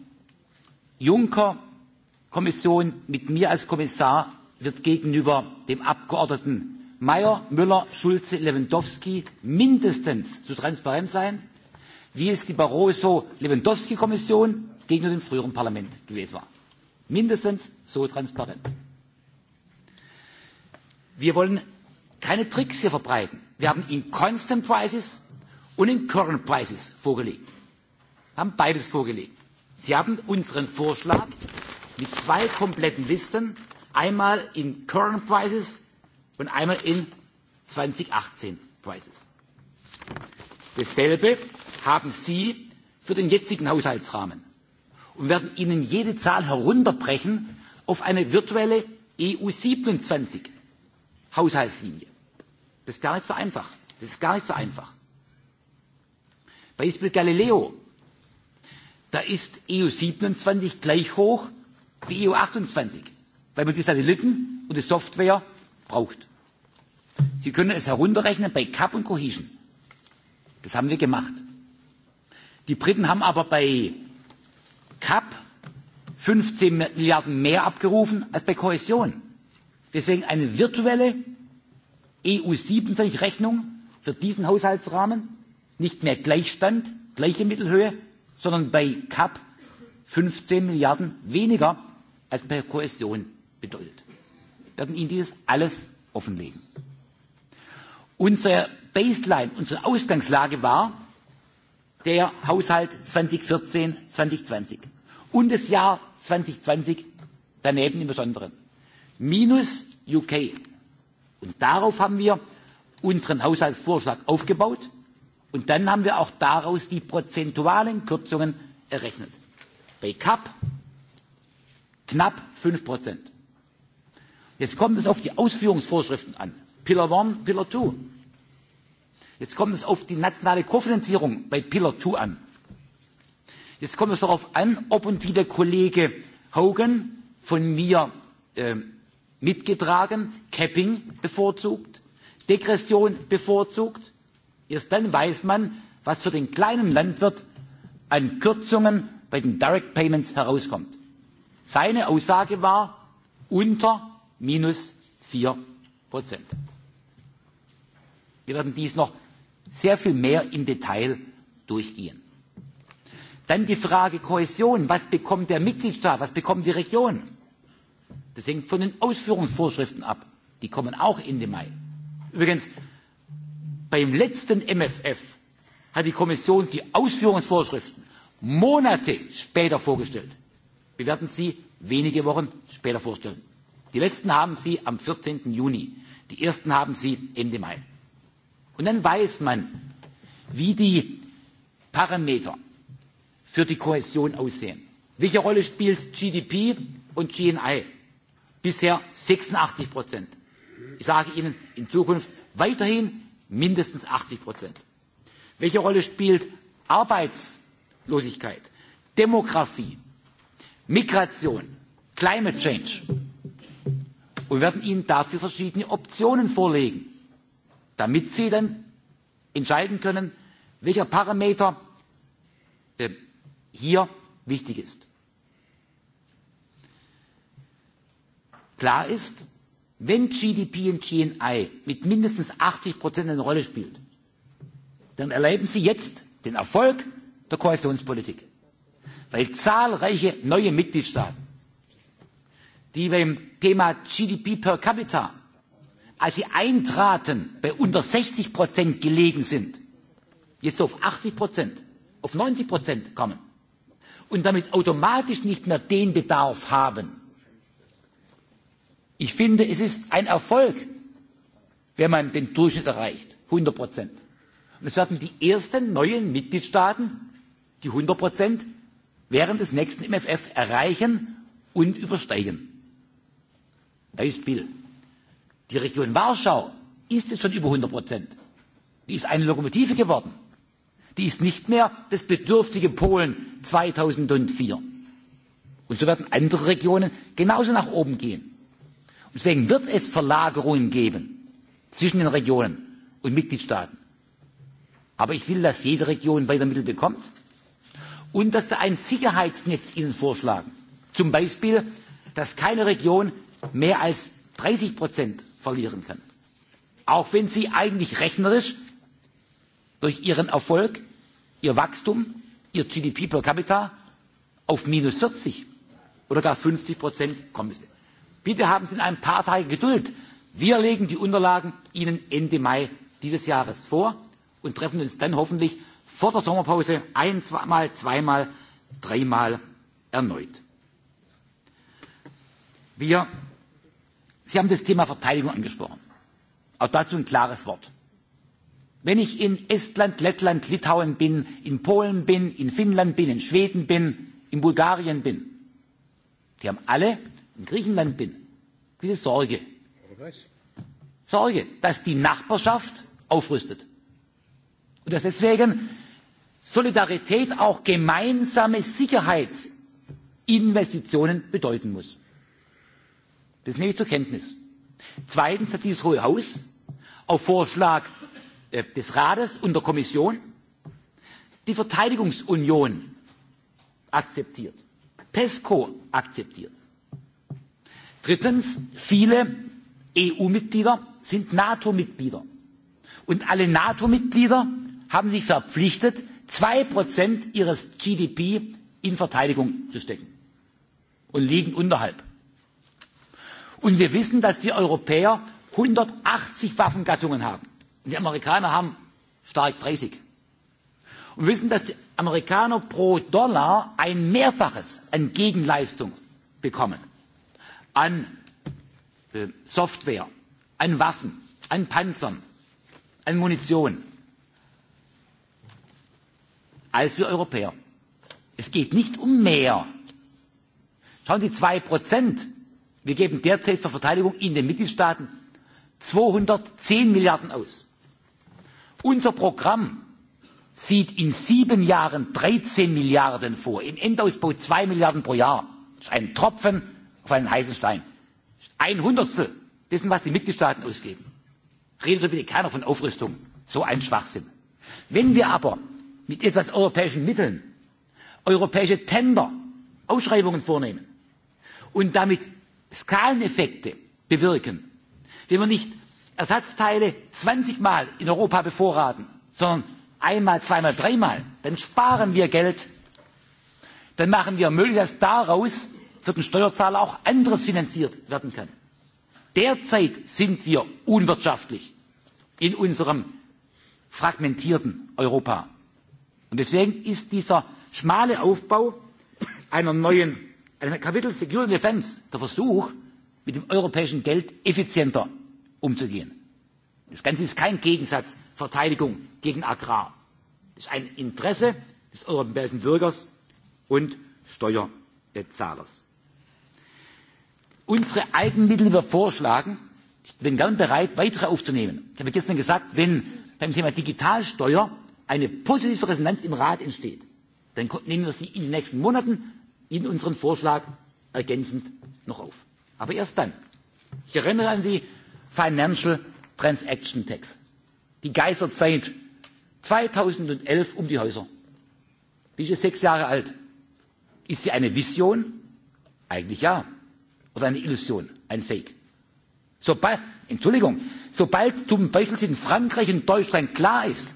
Juncker-Kommission mit mir als Kommissar wird gegenüber dem Abgeordneten Mayer, Müller, Schulze, Lewandowski mindestens so transparent sein, wie es die Barroso-Lewandowski-Kommission gegenüber dem früheren Parlament gewesen war. Mindestens so transparent. Wir wollen keine Tricks hier verbreiten. Wir haben in Constant Prices und in Current Prices vorgelegt. Wir haben beides vorgelegt. Sie haben unseren Vorschlag mit zwei kompletten Listen, einmal in Current Prices und einmal in 2018 Prices. Dasselbe haben Sie für den jetzigen Haushaltsrahmen und werden Ihnen jede Zahl herunterbrechen auf eine virtuelle EU 27 Haushaltslinie. Das ist gar nicht so einfach. Das ist gar nicht so einfach. Beispiel Galileo. Da ist EU 27 gleich hoch wie EU 28, weil man die Satelliten und die Software braucht. Sie können es herunterrechnen bei CAP und Cohesion. Das haben wir gemacht. Die Briten haben aber bei CAP 15 Milliarden mehr abgerufen als bei Kohäsion. Deswegen eine virtuelle EU siebenundzwanzig Rechnung für diesen Haushaltsrahmen, nicht mehr Gleichstand, gleiche Mittelhöhe, sondern bei CAP fünfzehn Milliarden weniger als bei Kohäsion bedeutet. Wir werden Ihnen dies alles offenlegen. Unsere Baseline, unsere Ausgangslage war der Haushalt zweitausendvierzehn zweitausendzwanzig und das Jahr zweitausendzwanzig daneben im Besonderen minus UK. Und darauf haben wir unseren Haushaltsvorschlag aufgebaut und dann haben wir auch daraus die prozentualen Kürzungen errechnet. Bei CAP knapp fünf Prozent. Jetzt kommt es auf die Ausführungsvorschriften an. Pillar 1, Pillar 2. Jetzt kommt es auf die nationale Kofinanzierung bei Pillar 2 an. Jetzt kommt es darauf an, ob und wie der Kollege Hogan von mir ähm, mitgetragen, Capping bevorzugt, Degression bevorzugt. Erst dann weiß man, was für den kleinen Landwirt an Kürzungen bei den Direct Payments herauskommt. Seine Aussage war unter minus vier Prozent. Wir werden dies noch sehr viel mehr im Detail durchgehen. Dann die Frage Kohäsion. Was bekommt der Mitgliedstaat? Was bekommt die Region? Das hängt von den Ausführungsvorschriften ab. Die kommen auch Ende Mai. Übrigens, beim letzten MFF hat die Kommission die Ausführungsvorschriften Monate später vorgestellt. Wir werden sie wenige Wochen später vorstellen. Die letzten haben sie am 14. Juni, die ersten haben sie Ende Mai. Und dann weiß man, wie die Parameter für die Kohäsion aussehen. Welche Rolle spielt GDP und GNI? bisher sechsundachtzig ich sage ihnen in zukunft weiterhin mindestens. achtzig welche rolle spielt arbeitslosigkeit demografie migration climate change? wir werden ihnen dafür verschiedene optionen vorlegen damit sie dann entscheiden können welcher parameter äh, hier wichtig Klar ist, wenn GDP und GNI mit mindestens achtzig eine Rolle spielen dann erleben Sie jetzt den Erfolg der Kohäsionspolitik. Weil zahlreiche neue Mitgliedstaaten, die beim Thema GDP per capita, als sie eintraten, bei unter 60 gelegen sind, jetzt auf 80 auf 90 kommen und damit automatisch nicht mehr den Bedarf haben, Ich finde, es ist ein Erfolg, wenn man den Durchschnitt erreicht, 100 Und es werden die ersten neuen Mitgliedstaaten die 100 während des nächsten MFF erreichen und übersteigen. Beispiel. Die Region Warschau ist jetzt schon über 100 Die ist eine Lokomotive geworden. Die ist nicht mehr das bedürftige Polen 2004. Und so werden andere Regionen genauso nach oben gehen. Und deswegen wird es Verlagerungen geben zwischen den Regionen und Mitgliedstaaten. Aber ich will, dass jede Region weiter Mittel bekommt und dass wir ein Sicherheitsnetz ihnen vorschlagen. Zum Beispiel, dass keine Region mehr als 30 Prozent verlieren kann. Auch wenn sie eigentlich rechnerisch durch ihren Erfolg, ihr Wachstum, ihr GDP per capita auf minus 40 oder gar 50 Prozent kommen. Bitte haben Sie in ein paar Tage Geduld. Wir legen die Unterlagen Ihnen Ende Mai dieses Jahres vor und treffen uns dann hoffentlich vor der Sommerpause ein, zweimal, zweimal, dreimal erneut. Wir, Sie haben das Thema Verteidigung angesprochen. Auch dazu ein klares Wort. Wenn ich in Estland, Lettland, Litauen bin, in Polen bin, in Finnland bin, in Schweden bin, in Bulgarien bin, die haben alle in Griechenland bin, gewisse Sorge. Sorge, dass die Nachbarschaft aufrüstet. Und dass deswegen Solidarität auch gemeinsame Sicherheitsinvestitionen bedeuten muss. Das nehme ich zur Kenntnis. Zweitens hat dieses Hohe Haus auf Vorschlag äh, des Rates und der Kommission die Verteidigungsunion akzeptiert, PESCO akzeptiert drittens viele eu mitglieder sind nato mitglieder und alle nato mitglieder haben sich verpflichtet zwei prozent ihres bip in verteidigung zu stecken und liegen unterhalb. und wir wissen dass wir europäer einhundertachtzig waffengattungen haben und die amerikaner haben stark dreißig. und wir wissen dass die amerikaner pro dollar ein mehrfaches an gegenleistung bekommen an äh, Software, an Waffen, an Panzern, an Munition als wir Europäer. Es geht nicht um mehr. Schauen Sie, zwei Prozent. Wir geben derzeit für Verteidigung in den Mitgliedstaaten 210 Milliarden aus. Unser Programm sieht in sieben Jahren 13 Milliarden vor, im Endausbau zwei Milliarden pro Jahr. Das ist ein Tropfen auf einen heißen Stein. Ein Hundertstel dessen, was die Mitgliedstaaten ausgeben. Redet doch bitte keiner von Aufrüstung. So ein Schwachsinn. Wenn wir aber mit etwas europäischen Mitteln europäische Tender, Ausschreibungen vornehmen und damit Skaleneffekte bewirken, wenn wir nicht Ersatzteile 20 Mal in Europa bevorraten, sondern einmal, zweimal, dreimal, dann sparen wir Geld, dann machen wir möglich, dass daraus für den Steuerzahler auch anderes finanziert werden kann. Derzeit sind wir unwirtschaftlich in unserem fragmentierten Europa. Und deswegen ist dieser schmale Aufbau einer neuen, Kapitel Security and defence der Versuch, mit dem europäischen Geld effizienter umzugehen. Das Ganze ist kein Gegensatz Verteidigung gegen Agrar. Das ist ein Interesse des europäischen Bürgers und Steuerzahlers unsere eigenmittel die wir vorschlagen ich bin gern bereit weitere aufzunehmen. ich habe gestern gesagt wenn beim thema digitalsteuer eine positive resonanz im rat entsteht dann nehmen wir sie in den nächsten monaten in unseren vorschlag ergänzend noch auf aber erst dann. ich erinnere an die financial transaction tax die geistert seit zweitausendelf um die häuser. die ist jetzt sechs jahre alt. ist sie eine vision? eigentlich oder eine Illusion, ein Fake. Sobald, Entschuldigung, sobald zum Beispiel in Frankreich und Deutschland klar ist,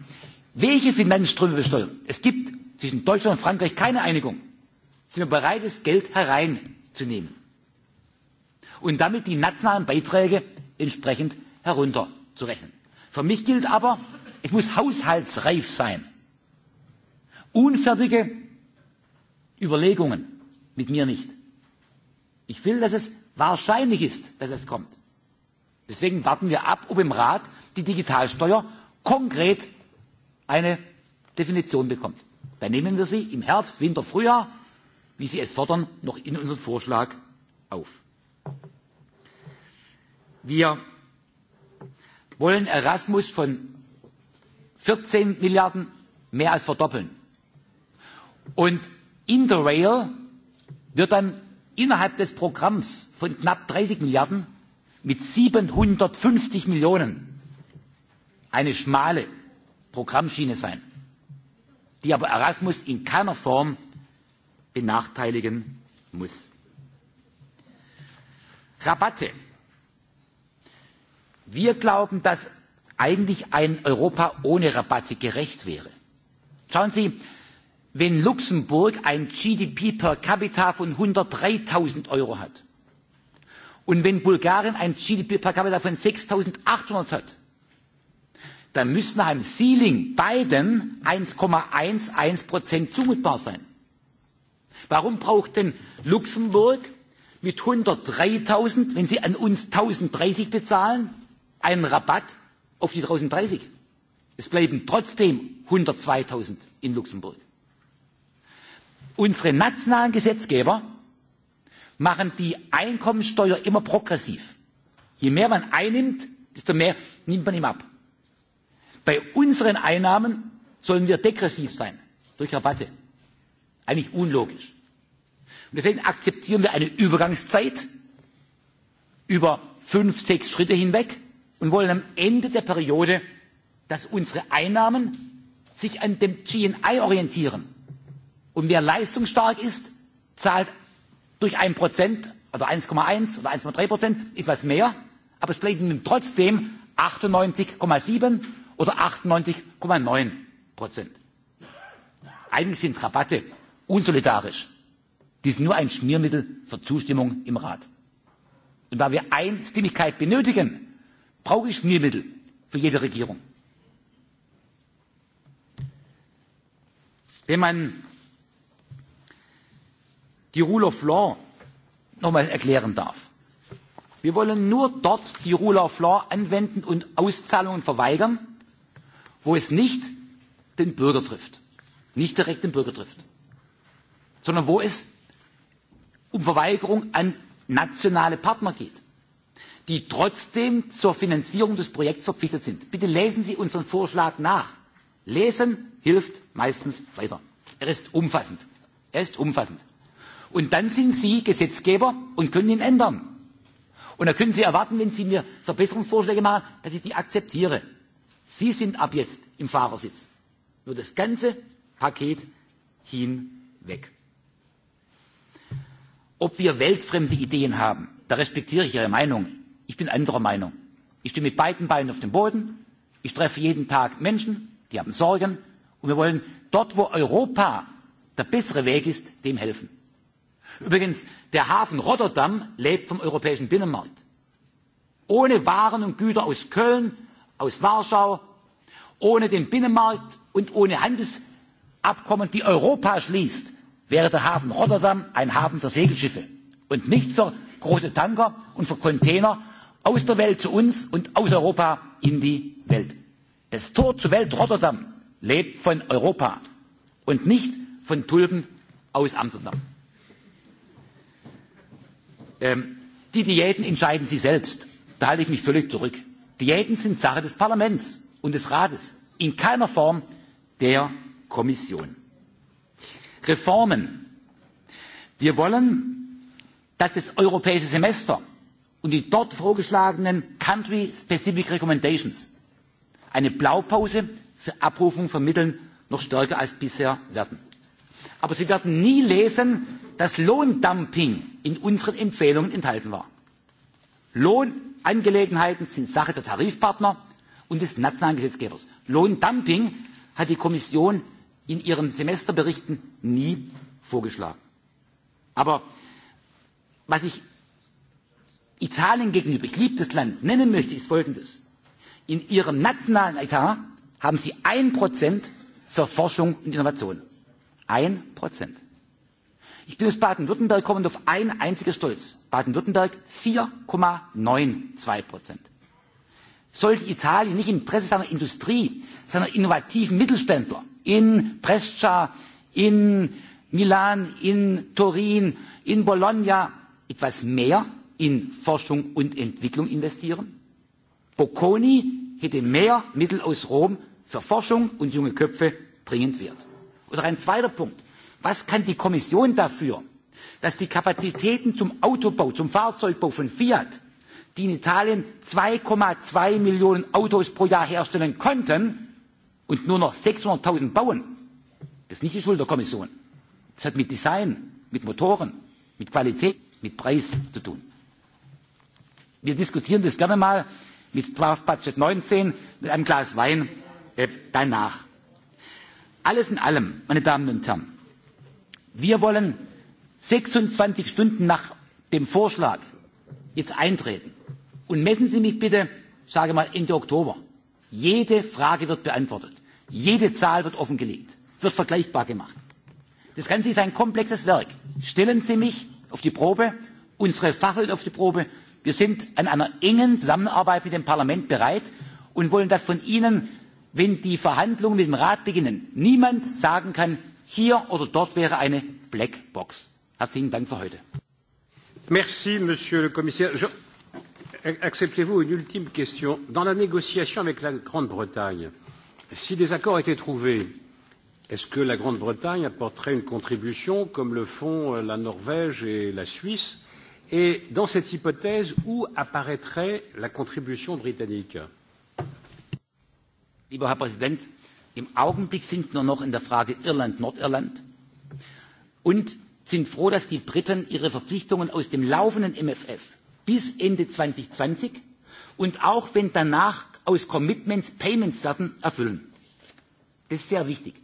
welche Finanzströme besteuern, es gibt zwischen Deutschland und Frankreich keine Einigung, sind wir bereit, das Geld hereinzunehmen und damit die nationalen Beiträge entsprechend herunterzurechnen. Für mich gilt aber, es muss haushaltsreif sein. Unfertige Überlegungen mit mir nicht. Ich will, dass es wahrscheinlich ist, dass es kommt. Deswegen warten wir ab, ob im Rat die Digitalsteuer konkret eine Definition bekommt. Dann nehmen wir sie im Herbst, Winter, Frühjahr, wie Sie es fordern, noch in unseren Vorschlag auf. Wir wollen Erasmus von 14 Milliarden mehr als verdoppeln. Und Interrail wird dann innerhalb des Programms von knapp dreißig Milliarden mit siebenhundertfünfzig Millionen eine schmale Programmschiene sein, die aber Erasmus in keiner Form benachteiligen muss. Rabatte. Wir glauben, dass eigentlich ein Europa ohne Rabatte gerecht wäre. Schauen Sie, wenn Luxemburg ein GDP per capita von einhundertdrei null Euro hat und wenn Bulgarien ein GDP per capita von sechs achthundert hat, dann müssen nach dem Ceiling beiden 1,11 Prozent zumutbar sein. Warum braucht denn Luxemburg mit einhundertdrei null wenn sie an uns 1.030 bezahlen, einen Rabatt auf die 1.030? Es bleiben trotzdem einhundertzwei null in Luxemburg unsere nationalen gesetzgeber machen die einkommensteuer immer progressiv. je mehr man einnimmt desto mehr nimmt man ihm ab. bei unseren einnahmen sollen wir degressiv sein durch rabatte. eigentlich unlogisch. Und deswegen akzeptieren wir eine übergangszeit über fünf sechs schritte hinweg und wollen am ende der periode dass unsere einnahmen sich an dem gni orientieren Und wer leistungsstark ist, zahlt durch ein 1% oder 1,1 oder 1,3% etwas mehr, aber es bleiben ihm trotzdem 98,7 oder 98,9 Prozent. Eigentlich sind Rabatte unsolidarisch. Die sind nur ein Schmiermittel für Zustimmung im Rat. Und da wir Einstimmigkeit benötigen, brauche ich Schmiermittel für jede Regierung. Wenn man die Rule of Law nochmal erklären darf. Wir wollen nur dort die Rule of Law anwenden und Auszahlungen verweigern, wo es nicht den Bürger trifft, nicht direkt den Bürger trifft, sondern wo es um Verweigerung an nationale Partner geht, die trotzdem zur Finanzierung des Projekts verpflichtet sind. Bitte lesen Sie unseren Vorschlag nach. Lesen hilft meistens weiter. Er ist umfassend. Er ist umfassend. Und dann sind Sie Gesetzgeber und können ihn ändern. Und da können Sie erwarten, wenn Sie mir Verbesserungsvorschläge machen, dass ich die akzeptiere. Sie sind ab jetzt im Fahrersitz. Nur das ganze Paket hinweg. Ob wir weltfremde Ideen haben, da respektiere ich Ihre Meinung. Ich bin anderer Meinung. Ich stehe mit beiden Beinen auf dem Boden. Ich treffe jeden Tag Menschen, die haben Sorgen. Und wir wollen dort, wo Europa der bessere Weg ist, dem helfen. Übrigens, der Hafen Rotterdam lebt vom europäischen Binnenmarkt. Ohne Waren und Güter aus Köln, aus Warschau, ohne den Binnenmarkt und ohne Handelsabkommen, die Europa schließt, wäre der Hafen Rotterdam ein Hafen für Segelschiffe und nicht für große Tanker und für Container aus der Welt zu uns und aus Europa in die Welt. Das Tor zur Welt Rotterdam lebt von Europa und nicht von Tulpen aus Amsterdam. Ähm, die Diäten entscheiden Sie selbst. Da halte ich mich völlig zurück. Diäten sind Sache des Parlaments und des Rates, in keiner Form der Kommission. Reformen. Wir wollen, dass das europäische Semester und die dort vorgeschlagenen Country Specific Recommendations eine Blaupause für Abrufung von Mitteln noch stärker als bisher werden. Aber Sie werden nie lesen, dass Lohndumping in unseren Empfehlungen enthalten war. Lohnangelegenheiten sind Sache der Tarifpartner und des nationalen Gesetzgebers. Lohndumping hat die Kommission in ihren Semesterberichten nie vorgeschlagen. Aber was ich Italien gegenüber, ich liebe das Land, nennen möchte, ist Folgendes. In ihrem nationalen Etat haben sie ein Prozent für Forschung und Innovation. 1%. Ich bin aus Baden-Württemberg kommend auf ein einziges Stolz. Baden-Württemberg 4,92 Prozent. Sollte Italien nicht im Interesse seiner Industrie, seiner innovativen Mittelständler in Brescia, in Milan, in Turin, in Bologna etwas mehr in Forschung und Entwicklung investieren? Bocconi hätte mehr Mittel aus Rom für Forschung und junge Köpfe dringend wert. Oder ein zweiter Punkt was kann die kommission dafür dass die kapazitäten zum autobau zum fahrzeugbau von fiat die in italien zwei zwei millionen autos pro jahr herstellen konnten und nur noch sechshundert null bauen das ist nicht die schuld der kommission das hat mit design mit motoren mit qualität mit preis zu tun. wir diskutieren das gerne mal mit draft budget neunzehn mit einem glas wein äh, danach. alles in allem meine damen und herren wir wollen sechsundzwanzig stunden nach dem vorschlag jetzt eintreten und messen sie mich bitte ich sage mal ende oktober jede frage wird beantwortet jede zahl wird offengelegt wird vergleichbar gemacht. das ganze ist ein komplexes werk. stellen sie mich auf die probe unsere fachleute auf die probe. wir sind an einer engen zusammenarbeit mit dem parlament bereit und wollen dass von ihnen wenn die verhandlungen mit dem rat beginnen niemand sagen Hier oder dort wäre eine Blackbox. Herzlichen Dank für heute. Merci, Monsieur le Commissaire. Je... Acceptez-vous une ultime question Dans la négociation avec la Grande-Bretagne, si des accords étaient trouvés, est-ce que la Grande-Bretagne apporterait une contribution comme le font euh, la Norvège et la Suisse Et dans cette hypothèse, où apparaîtrait la contribution britannique Lieber Herr Präsident, Im Augenblick sind wir noch in der Frage Irland-Nordirland und sind froh, dass die Briten ihre Verpflichtungen aus dem laufenden MFF bis Ende 2020 und auch wenn danach aus Commitments Payments werden, erfüllen. Das ist sehr wichtig.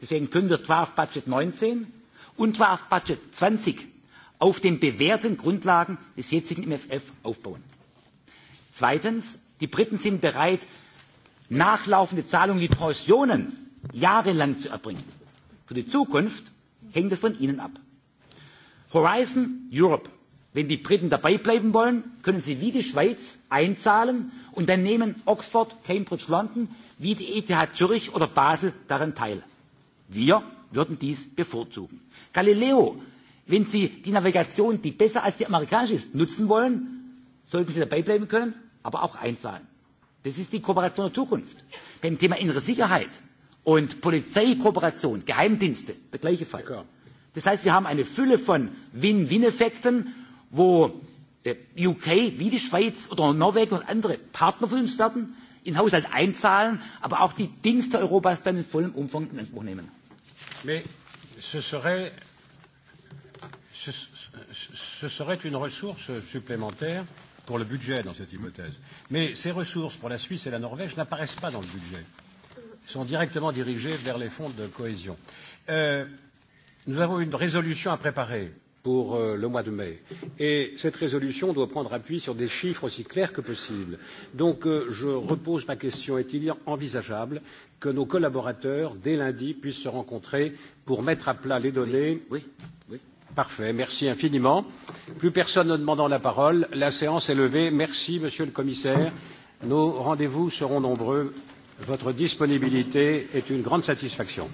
Deswegen können wir Draft Budget 19 und Draft Budget 20 auf den bewährten Grundlagen des jetzigen MFF aufbauen. Zweitens, die Briten sind bereit, nachlaufende Zahlungen wie Pensionen jahrelang zu erbringen. Für die Zukunft hängt es von Ihnen ab. Horizon Europe. Wenn die Briten dabei bleiben wollen, können sie wie die Schweiz einzahlen und dann nehmen Oxford, Cambridge, London wie die ETH Zürich oder Basel daran teil. Wir würden dies bevorzugen. Galileo, wenn Sie die Navigation, die besser als die amerikanische ist, nutzen wollen, sollten Sie dabei bleiben können, aber auch einzahlen. Das ist die Kooperation der Zukunft. Beim Thema innere Sicherheit und Polizeikooperation, Geheimdienste, der gleiche Fall. Das heißt, wir haben eine Fülle von Win-Win-Effekten, wo äh, UK wie die Schweiz oder Norwegen und andere Partner von uns werden, in den Haushalt einzahlen, aber auch die Dienste Europas dann in vollem Umfang in Anspruch nehmen. Mais ce serait, ce, ce serait une ressource supplémentaire pour le budget dans cette hypothèse. Mais ces ressources pour la Suisse et la Norvège n'apparaissent pas dans le budget. Elles sont directement dirigées vers les fonds de cohésion. Euh, nous avons une résolution à préparer pour euh, le mois de mai. Et cette résolution doit prendre appui sur des chiffres aussi clairs que possible. Donc euh, je repose ma question. Est-il envisageable que nos collaborateurs, dès lundi, puissent se rencontrer pour mettre à plat les données oui, oui, oui. Parfait, merci infiniment. Plus personne ne demandant la parole, la séance est levée. Merci, monsieur le commissaire. Nos rendez-vous seront nombreux. Votre disponibilité est une grande satisfaction.